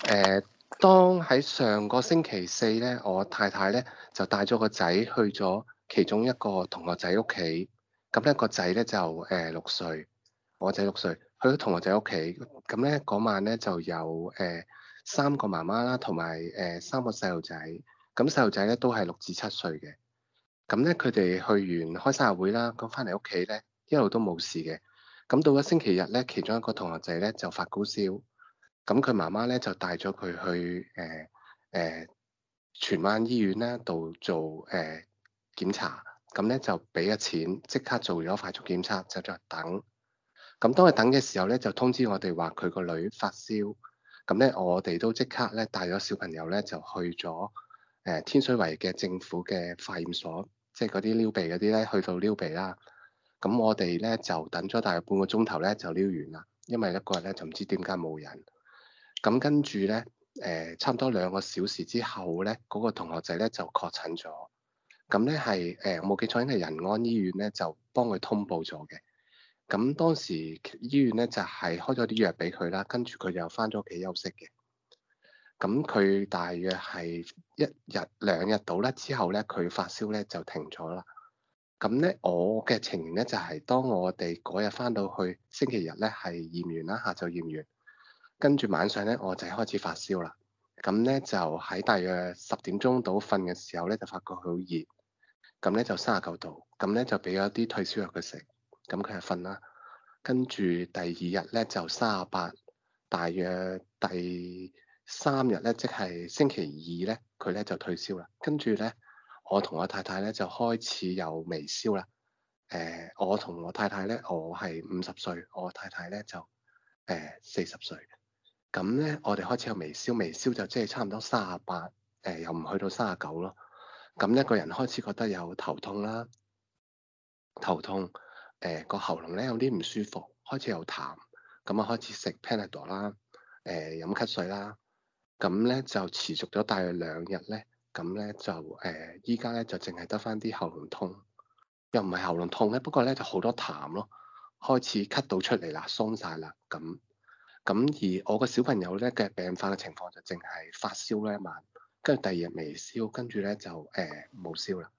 呃，當喺上個星期四咧，我太太咧就帶咗個仔去咗其中一個同學仔屋企。咁、那、咧個仔咧就誒六、呃、歲，我仔六歲，去咗同學仔屋企。咁咧嗰晚咧就有誒、呃、三個媽媽啦，同埋誒三個細路仔。咁細路仔咧都係六至七歲嘅。咁咧，佢哋去完開生日會啦，咁返嚟屋企咧，一路都冇事嘅。咁到咗星期日咧，其中一個同學仔咧就發高燒，咁佢媽媽咧就帶咗佢去誒誒荃灣醫院咧度做誒、呃、檢查，咁咧就俾咗錢即刻做咗快速檢測，就再等。咁當佢等嘅時候咧，就通知我哋話佢個女發燒，咁咧我哋都即刻咧帶咗小朋友咧就去咗誒、呃、天水圍嘅政府嘅化驗所。即係嗰啲撩鼻嗰啲咧，去到撩鼻啦。咁我哋咧就等咗大約半個鐘頭咧，就撩完啦。因為一個人咧就唔知點解冇人。咁跟住咧，誒、呃、差唔多兩個小時之後咧，嗰、那個同學仔咧就確診咗。咁咧係誒，冇、呃、記錯應該係仁安醫院咧就幫佢通報咗嘅。咁當時醫院咧就係、是、開咗啲藥俾佢啦，跟住佢又翻咗屋企休息嘅。咁佢大約係一日兩日到啦。之後咧，佢發燒咧就停咗啦。咁咧，我嘅情形咧就係當我哋嗰日翻到去星期日咧係驗完啦，下晝驗完，跟住晚上咧我就開始發燒啦。咁咧就喺大約十點鐘到瞓嘅時候咧就發覺佢好熱，咁咧就三啊九度，咁咧就俾咗啲退燒藥佢食，咁佢就瞓啦。跟住第二日咧就三啊八，大約第三日咧，即係星期二咧，佢咧就退燒啦。跟住咧，我同我太太咧就開始有微燒啦。誒、呃，我同我太太咧，我係五十歲，我太太咧就誒四十歲。咁咧，我哋開始有微燒，微燒就即係差唔多卅八，誒又唔去到卅九咯。咁一個人開始覺得有頭痛啦，頭痛，誒、呃、個喉嚨咧有啲唔舒服，開始有痰。咁啊，開始食 Panadol 啦、呃，誒飲咳水啦。咁咧就持續咗大約兩日咧，咁咧就誒，依家咧就淨係得翻啲喉嚨痛，又唔係喉嚨痛咧，不過咧就好多痰咯，開始咳到出嚟啦，鬆晒啦，咁咁而我個小朋友咧嘅病發嘅情況就淨係發燒咧一晚，跟住第二日未燒，跟住咧就誒冇、呃、燒啦，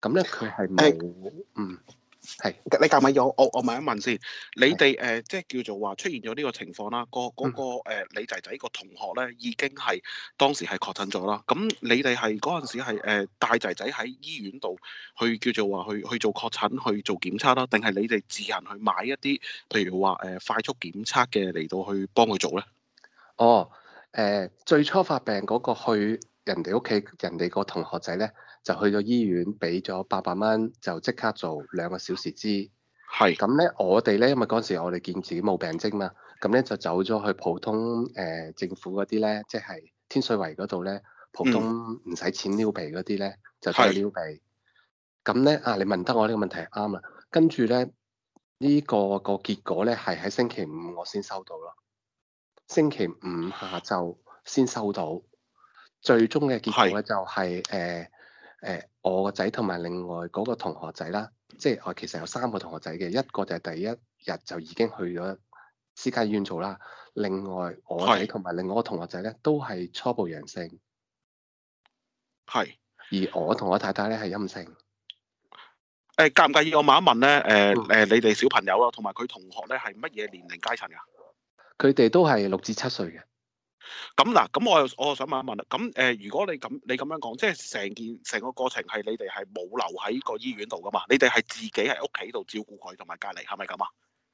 咁咧佢係冇嗯。係，你隔咪我，我我問一問先。你哋誒是、呃，即係叫做話出現咗呢個情況啦。個、嗰、嗰個誒，你仔仔個同學咧，已經係當時係確診咗啦。咁你哋係嗰陣時係誒，帶仔仔喺醫院度去叫做話去去做確診，去做檢測啦，定係你哋自行去買一啲，譬如話誒、呃、快速檢測嘅嚟到去幫佢做咧？哦，誒、呃，最初發病嗰個去人哋屋企，人哋個同學仔咧。就去咗醫院，俾咗八百蚊，就即刻做兩個小時之。係咁咧，我哋咧，因為嗰陣時我哋見自己冇病徵嘛，咁咧就走咗去普通誒、呃、政府嗰啲咧，即係天水圍嗰度咧，普通唔使錢撩鼻嗰啲咧，嗯、就去撩鼻。咁咧是啊，你問得我呢個問題啱啦。跟住咧，呢、呢個個結果咧係喺星期五我先收到咯，星期五下晝先收到。最終嘅結果咧是就係、是、誒。呃誒，我個仔同埋另外嗰個同學仔啦，即係我其實有三個同學仔嘅，一個就係第一日就已經去咗私家醫院做啦。另外我同埋另外個同學仔咧都係初步陽性，係是。而我同我太太咧係陰性。誒、欸，介唔介意我問一問咧？誒、呃、誒，嗯、你哋小朋友呀，同埋佢同學咧係乜嘢年齡階層㗎？佢哋都係六至七歲嘅。咁嗱，咁我我想問一問啦。咁誒，如果你咁你咁樣講，即係成件成個過程係你哋係冇留喺個醫院度噶嘛？你哋係自己喺屋企度照顧佢同埋隔離，係咪咁啊？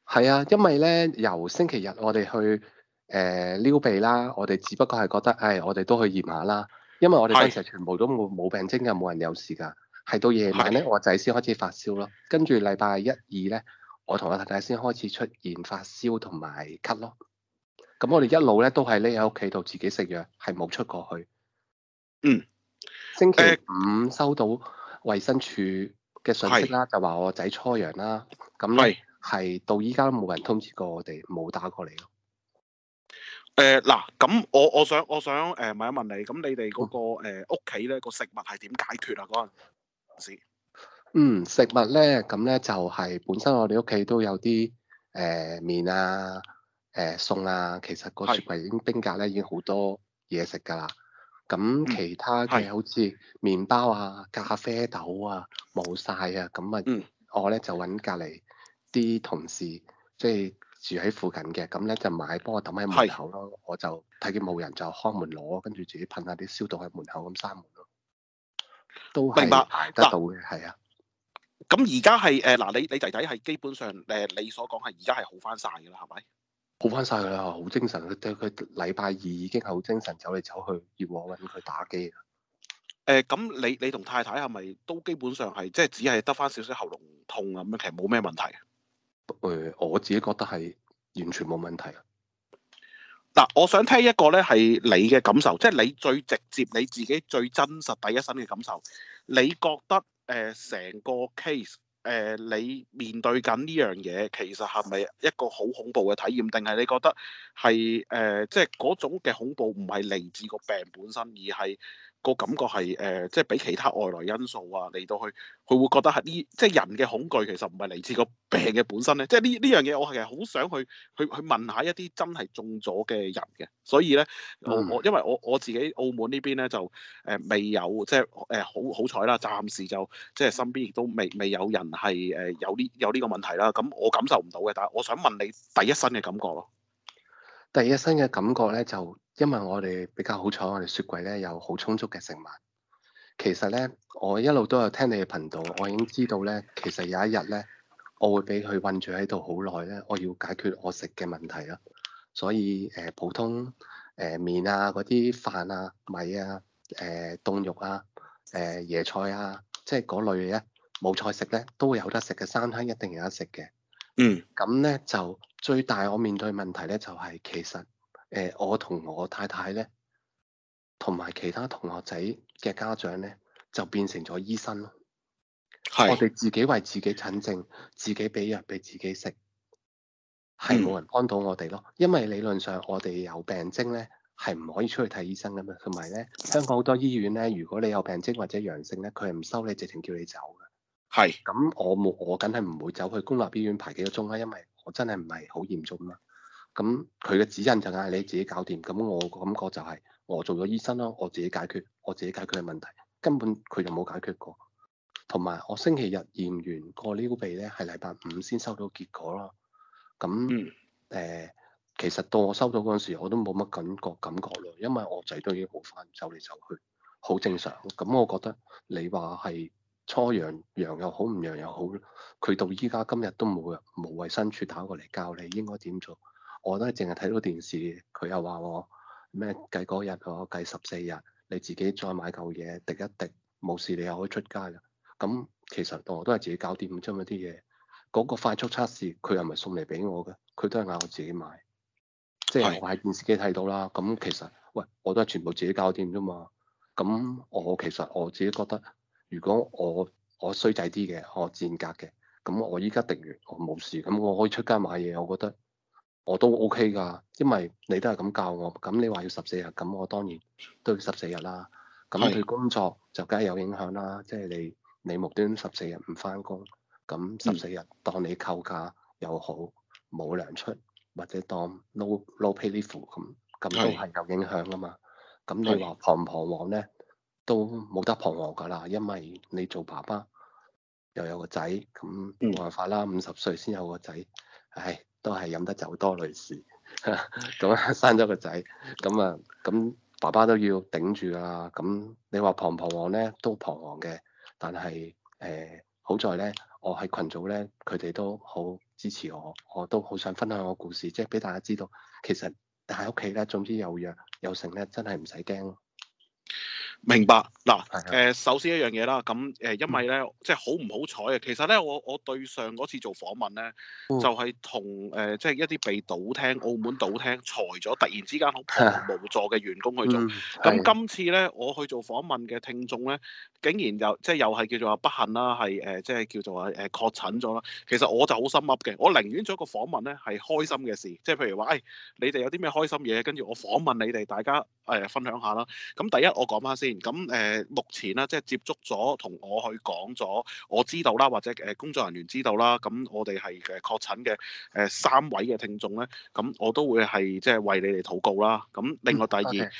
係啊，因為咧由星期日我哋去誒、呃、撩鼻啦，我哋只不過係覺得誒、哎，我哋都去驗下啦。因為我哋嗰陣時全部都冇冇病徵嘅，冇是的 人有事噶。係到夜晚咧，是的 我仔先開始發燒咯。跟住禮拜一二咧，我同我太太先開始出現發燒同埋咳咯。咁我哋一路咧都係匿喺屋企度自己食藥，係冇出過去。嗯，星期五、呃、收到衞生署嘅信息啦，是就話我仔初陽啦，咁咧係到依家都冇人通知過我哋，冇打過嚟咯。誒嗱、呃，咁我我想我想誒、呃、問一問你，咁你哋嗰、嗰個屋企咧個食物係點解決啊？嗰陣時，嗯，食物咧咁咧就係本身我哋屋企都有啲誒、呃呃、麵啊。誒餸啊，其實個雪櫃已經冰格咧，已經好多嘢食㗎啦。咁的其他嘅好似麵包啊、咖啡豆啊，冇晒啊，咁啊，我咧就揾隔離啲同事，即係住喺附近嘅，咁咧就買幫我抌喺門口咯。的我就睇見冇人就開門攞，跟住自己噴下啲消毒喺門口咁，閂門咯。都係捱得到嘅，係啊。咁而家係誒嗱，你你仔仔係基本上誒，你所講係而家係好翻晒㗎啦，係咪？好翻晒佢啦，好精神。佢對佢禮拜二已經係好精神，走嚟走去，要我揾佢打機。誒，咁你你同太太係咪都基本上係即係只係得翻少少喉嚨痛咁樣，其實冇咩問題？誒，我自己覺得係完全冇問題啦。嗱，我想聽一個咧係你嘅感受，即係你最直接你自己最真實第一身嘅感受。你覺得誒成個 case？誒、呃，你面對緊呢樣嘢，其實係咪一個好恐怖嘅體驗？定係你覺得係誒、呃，即係嗰種嘅恐怖唔係嚟自個病本身，而係？個感覺係誒、呃，即係俾其他外來因素啊嚟到去，佢會覺得係呢，即係人嘅恐懼其實唔係嚟自個病嘅本身咧。即係呢呢樣嘢，我係好想去去去問下一啲真係中咗嘅人嘅。所以咧，嗯、我因為我我自己澳門邊呢邊咧就誒、呃、未有，即係誒、呃、好好彩啦，暫時就即係身邊亦都未未有人係誒有呢有呢個問題啦。咁我感受唔到嘅，但係我想問你第一身嘅感覺咯。第一身嘅感覺咧就～因為我哋比較好彩，我哋雪櫃咧有好充足嘅食物。其實咧，我一路都有聽你嘅頻道，我已經知道咧，其實有一日咧，我會俾佢困住喺度好耐咧，我要解決我食嘅問題咯。所以誒、呃，普通誒麵、呃、啊、嗰啲飯啊、米啊、誒、呃、凍肉啊、誒、呃、椰菜啊，即係嗰類嘅冇菜食咧，都會有得食嘅，三餐一定有得食嘅。嗯。咁咧就最大我面對問題咧，就係、是、其實。誒，我同我太太咧，同埋其他同學仔嘅家長咧，就變成咗醫生咯。係是。我哋自己為自己診症，自己俾藥俾自己食，係冇人安到我哋咯。嗯、因為理論上我哋有病徵咧，係唔可以出去睇醫生噶嘛。同埋咧，香港好多醫院咧，如果你有病徵或者陽性咧，佢係唔收你，直情叫你走噶。係是。咁我冇，我梗係唔會走去公立醫院排幾個鐘啦，因為我真係唔係好嚴重啦。咁佢嘅指引就嗌你自己搞掂，咁我感覺就係、是、我做咗醫生咯，我自己解決，我自己解決嘅問題，根本佢就冇解決過。同埋我星期日驗完個尿鼻咧，係禮拜五先收到結果咯。咁，誒、呃，其實到我收到嗰陣時，我都冇乜感覺感覺咯，因為我仔都已經好翻，走嚟走去，好正常。咁我覺得你話係初陽陽又好，唔陽又好，佢到依家今日都冇冇衛生署打過嚟教你應該點做。我都係淨係睇到電視，佢又話我咩計嗰日，我計十四日，你自己再買嚿嘢滴一滴，冇事你又可以出街啦。咁其實我都係自己搞掂咁啲嘢，嗰個快速測試佢又唔係送嚟俾我嘅，佢都係嗌我自己買。即係我喺電視機睇到啦。咁其實喂，我都係全部自己搞掂啫嘛。咁我其實我自己覺得，如果我我衰仔啲嘅，我賤格嘅，咁我依家滴完我冇事，咁我可以出街買嘢，我覺得。我都 O K 㗎，因為你都係咁教我，咁你話要十四日，咁我當然都要十四日啦。咁對工作就梗係有影響啦。即係是的 你你無端十四日唔翻工，咁十四日當你扣假又好，冇糧出，或者當 no no pay 咁，咁都係有影響噶嘛。咁是的 你話彷唔彷徨咧，都冇得彷徨㗎啦，因為你做爸爸又有個仔，咁冇辦法啦。五十、嗯、歲先有個仔，唉。都係飲得酒多女士，咁 生咗個仔，咁啊，咁爸爸都要頂住㗎啦。咁你話彷徨唔彷徨咧？都彷徨嘅。但係誒，呃、好在咧，我喺群組咧，佢哋都好支持我，我都好想分享我故事，即係俾大家知道，其實喺屋企咧，總之有藥有成咧，真係唔使驚咯。明白嗱，誒、呃、首先一樣嘢啦，咁誒因為咧，嗯、即係好唔好彩啊！其實咧，我我對上嗰次做訪問咧，嗯、就係同誒即係一啲被賭廳澳門賭廳裁咗，突然之間好無助嘅員工去做。咁、嗯、今次咧，我去做訪問嘅聽眾咧，竟然又即係又係叫做話不幸啦，係誒、呃、即係叫做話誒確診咗啦。其實我就好心噏嘅，我寧願做一個訪問咧係開心嘅事，即係譬如話誒、哎、你哋有啲咩開心嘢，跟住我訪問你哋，大家誒分享下啦。咁第一我講翻先。咁誒，目前咧，即係接觸咗同我去講咗，我知道啦，或者誒工作人員知道啦。咁我哋係誒確診嘅誒三位嘅聽眾咧，咁我都會係即係為你哋禱告啦。咁另外第二誒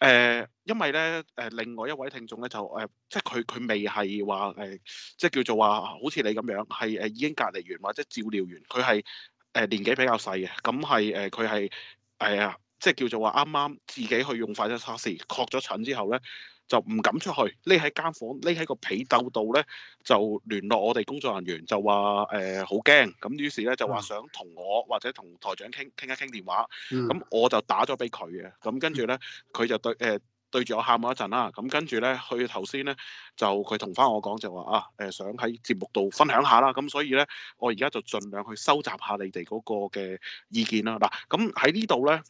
，Okay. 因為咧誒，另外一位聽眾咧就誒，即係佢佢未係話誒，即係叫做話好似你咁樣，係誒已經隔離完或者照料完，佢係誒年紀比較細嘅，咁係誒佢係誒啊，即係叫做話啱啱自己去用快測測試確咗診之後咧。就唔敢出去，匿喺間房，匿喺個被竇度咧，就聯絡我哋工作人員，就話誒好驚，咁、呃、於是咧就話想同我或者同台長傾傾一傾電話，咁、嗯、我就打咗俾佢嘅，咁跟住咧佢就對誒、呃、對住我喊咗一陣啦，咁跟住咧去頭先咧就佢同翻我講就話啊誒、呃、想喺節目度分享下啦，咁所以咧我而家就盡量去收集下你哋嗰個嘅意見啦，嗱咁喺呢度咧。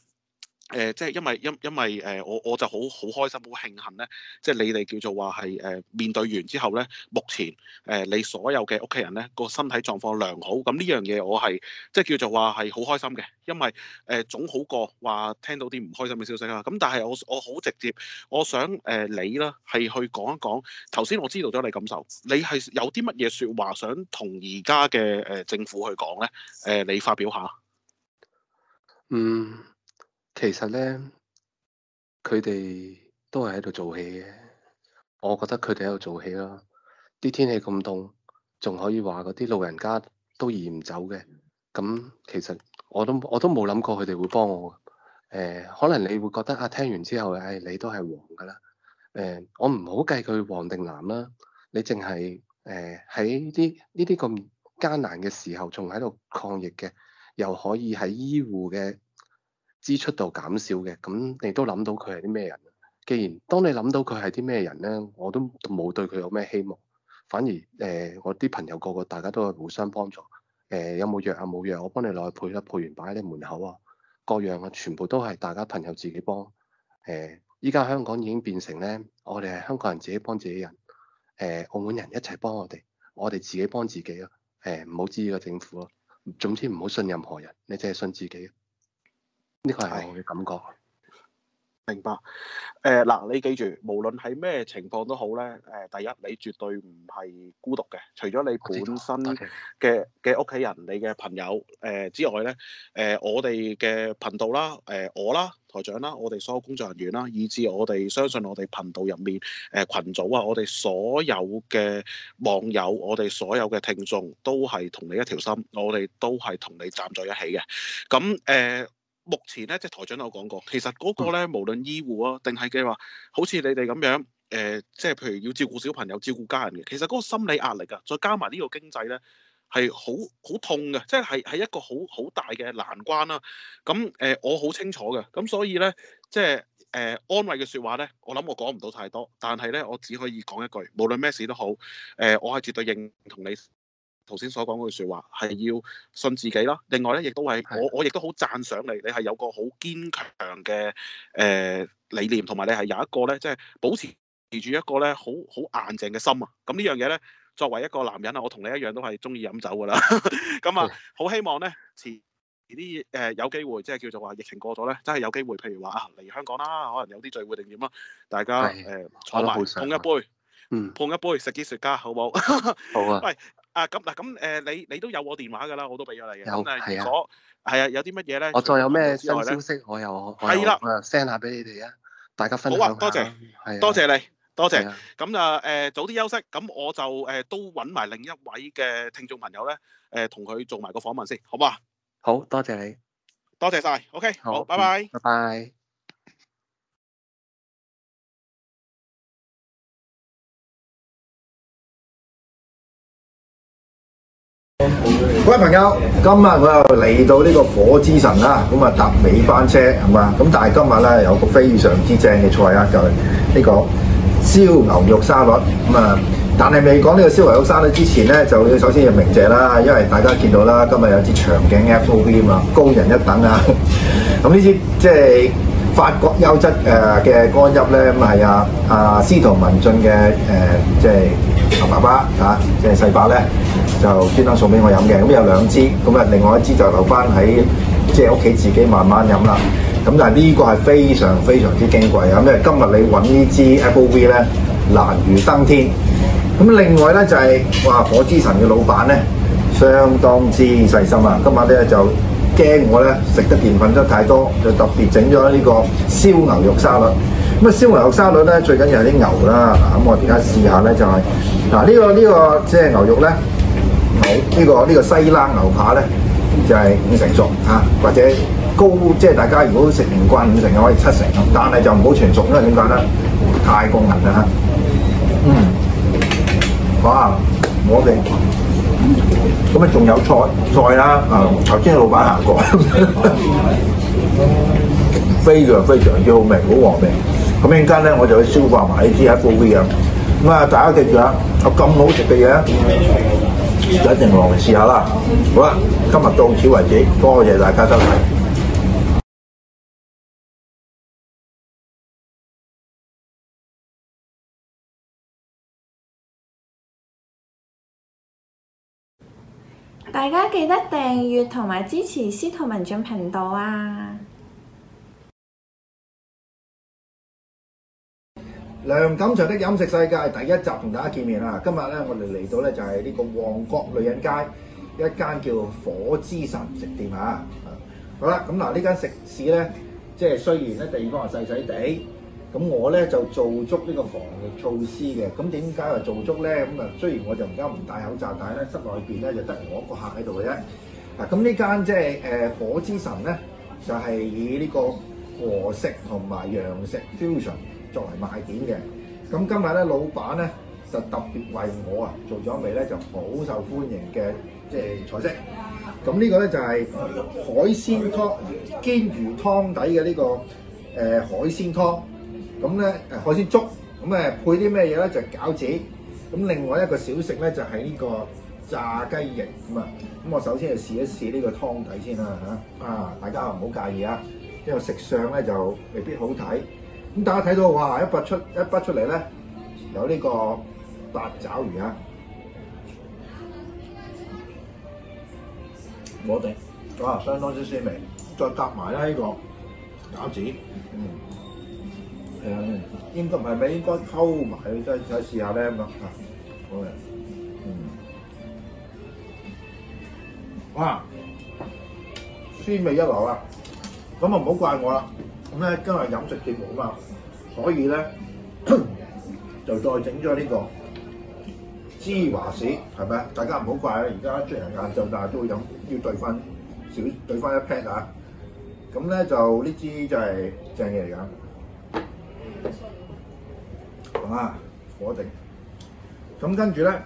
誒、呃，即係因為因因為誒、呃，我我就好好開心，好慶幸咧，即係你哋叫做話係誒面對完之後咧，目前誒、呃、你所有嘅屋企人咧個身體狀況良好，咁呢樣嘢我係即係叫做話係好開心嘅，因為誒、呃、總好過話聽到啲唔開心嘅消息啦。咁但係我我好直接，我想誒、呃、你啦係去講一講，頭先我知道咗你感受，你係有啲乜嘢說話想同而家嘅誒政府去講咧？誒、呃、你發表下。嗯。其實咧，佢哋都係喺度做戲嘅。我覺得佢哋喺度做戲咯。啲天氣咁凍，仲可以話嗰啲老人家都移唔走嘅。咁其實我都我都冇諗過佢哋會幫我。誒、呃，可能你會覺得啊，聽完之後，誒、哎，你都係黃㗎啦。誒、呃，我唔好計佢黃定藍啦。你淨係誒喺啲呢啲咁艱難嘅時候，仲喺度抗疫嘅，又可以喺醫護嘅支出度減少嘅，咁你都諗到佢係啲咩人？既然當你諗到佢係啲咩人呢，我都冇對佢有咩希望，反而誒、呃、我啲朋友個個大家都係互相幫助。誒、呃、有冇藥啊？冇藥，我幫你攞去配啦，配完擺喺你門口啊。各樣啊，全部都係大家朋友自己幫。誒、呃，依家香港已經變成呢，我哋係香港人自己幫自己人、呃。澳門人一齊幫我哋，我哋自己幫自己啊，誒、呃，唔好知個政府啊。總之唔好信任何人，你淨係信自己。呢個係我嘅感覺，明白。誒、呃、嗱，你記住，無論係咩情況都好咧。誒、呃，第一，你絕對唔係孤獨嘅，除咗你本身嘅嘅屋企人、你嘅朋友誒、呃、之外咧。誒、呃，我哋嘅頻道啦，誒、呃、我啦，台長啦，我哋所有工作人員啦，以至我哋相信我哋頻道入面誒羣、呃、組啊，我哋所有嘅網友，我哋所有嘅聽眾都係同你一條心，我哋都係同你站在一起嘅。咁誒、呃目前咧，即係台長有講過，其實嗰個咧，無論醫護啊，定係嘅話，好似你哋咁樣，誒、呃，即係譬如要照顧小朋友、照顧家人嘅，其實嗰個心理壓力啊，再加埋呢個經濟咧，係好好痛嘅，即係係係一個好好大嘅難關啦、啊。咁誒、呃，我好清楚嘅，咁所以咧，即係誒、呃、安慰嘅説話咧，我諗我講唔到太多，但係咧，我只可以講一句，無論咩事都好，誒、呃，我係絕對認同你。頭先所講嗰句說話係要信自己咯。另外咧，亦都係我我亦都好讚賞你，你係有個好堅強嘅，誒理念，同埋你係有一個咧，即係保持住一個咧好好硬淨嘅心啊。咁呢樣嘢咧，作為一個男人啊，我同你一樣都係中意飲酒噶啦。咁 啊，好希望咧，遲啲誒有機會，即係叫做話疫情過咗咧，真係有機會，譬如話啊嚟香港啦，可能有啲聚會定點啊，大家誒坐埋，碰一杯，碰一杯，食啲雪茄，好唔好？好啊。喂。啊咁嗱咁誒你你都有我電話㗎啦，我都俾咗你嘅。有係啊，係啊，有啲乜嘢咧？我再有咩新消息，我又可以啦，我又 send 下俾你哋啊，大家分享下。好啊，多謝，係多謝你，多謝。咁啊誒早啲休息。咁我就誒都揾埋另一位嘅聽眾朋友咧，誒同佢做埋個訪問先，好唔好啊？好多謝你，多謝晒。OK，好，拜拜，拜拜。各位朋友，今日我又嚟到呢個火之神啦，咁啊搭尾班車係嘛，咁但係今日咧有個非常之正嘅菜啊，就呢、是、個燒牛肉沙律，咁、嗯、啊，但係未講呢個燒牛肉沙律之前咧，就要首先要鳴謝啦，因為大家見到啦，今日有支長頸 FOV 嘛，高人一等啊，咁 呢、嗯、支即係法國優質誒嘅乾邑咧，咁啊係啊啊司徒文進嘅誒即係。呃就是同爸爸嚇、啊，即係細伯咧，就專登送俾我飲嘅。咁有兩支，咁啊，另外一支就留翻喺即係屋企自己慢慢飲啦。咁但係呢個係非常非常之矜貴啊！因為今日你揾呢支 Applebee 咧難如登天。咁另外咧就係、是、哇，火之神嘅老闆咧相當之細心啊！今晚咧就驚我咧食得澱粉質太多，就特別整咗呢個燒牛肉沙律。咁啊，燒牛肉沙律咧最緊要係啲牛啦。咁我而家試下咧就係、是。嗱，呢個呢個即係牛肉咧，牛呢個呢個西冷牛扒咧，就係五成熟啊，或者高，即係大家如果食唔慣五成，可以七成，但係就唔好全熟，因為點解咧？太過硬啦。嗯，哇，我哋咁啊，仲有菜菜啦啊，頭先老闆行過，非常非常之好味，好和味。咁一陣間咧，我就去消化埋呢支 F O V 啊。大家記住啦，有咁好食嘅嘢，一定落嚟試一下啦！好啦，今日到此為止，多謝大家收睇。大家記得訂閱同埋支持司徒文進頻道啊！梁錦祥的飲食世界第一集同大家見面啦！今日咧我哋嚟到咧就係、是、呢個旺角女人街一間叫火之神食店啊！好啦，咁、嗯、嗱、啊、呢間食肆咧，即係雖然咧地方係細細地，咁我咧就做足呢個防疫措施嘅。咁點解話做足咧？咁啊雖然我就而家唔戴口罩，但係咧室內邊咧就得我一個客喺度嘅啫。嗱、啊，咁呢間即係誒火之神咧，就係、是、以呢、這個。和式同埋洋式 fusion 作為賣點嘅，咁今日咧老闆咧就特別為我啊做咗一味咧就好受歡迎嘅即係菜式，咁呢個咧就係海鮮湯煎魚湯底嘅、呃、呢個誒海鮮湯，咁咧誒海鮮粥，咁誒配啲咩嘢咧就係餃子，咁另外一個小食咧就係呢個炸雞翼，咁啊咁我首先就試一試呢個湯底先啦、啊、嚇、啊啊，啊大家唔好介意啊！因為食相咧就未必好睇，咁大家睇到哇一筆出一筆出嚟咧，有呢個八爪魚啊，我哋哇相當之鮮味，再夾埋咧呢個餃子，嗯，係啊，應該唔係咩？應該溝埋，即係再試下咧咁啊，好嘅，嗯，哇，鮮味一流啊！咁啊唔好怪我啦！咁咧今日飲食節目啊嘛，所以咧 就再整咗呢個芝華士，係咪啊？大家唔好怪啊！而家出嚟晏晝，但係都要飲，要兌翻少兌翻一 pack 啊！咁咧就呢支就係正嘢嚟㗎。啊，火定！咁跟住咧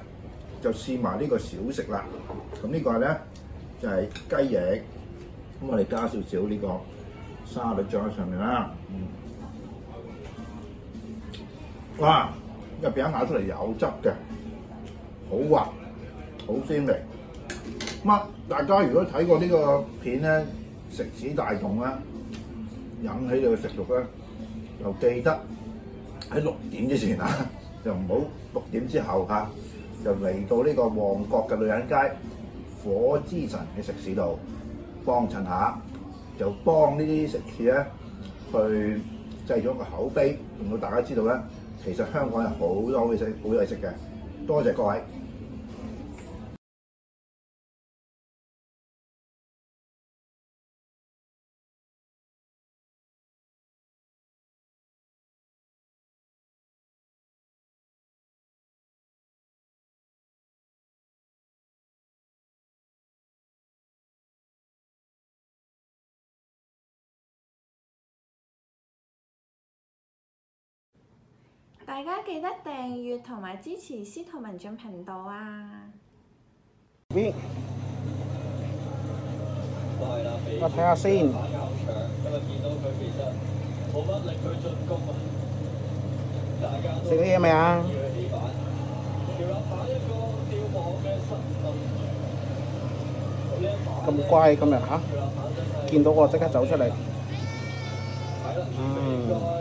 就試埋呢個小食啦。咁呢個咧就係、係、雞翼。咁我哋加少少呢個。沙律醬喺上面啦，嗯，哇，入面一咬出嚟有汁嘅，好滑，好鮮味。咁大家如果睇過呢個片咧，食屎大同啦，引起你嘅食慾咧，又記得喺六點之前啊，就唔好六點之後啊，就嚟到呢個旺角嘅女人街火之神喺食肆度幫襯下。就幫呢啲食肆咧，去製咗個口碑，令到大家知道咧，其實香港有好多好嘢食，好嘢食嘅。多謝各位。大家記得訂閱同埋支持司徒文進頻道啊！我睇下先。食咗嘢未啊？咁乖咁樣吓，見到我即刻走出嚟。嗯。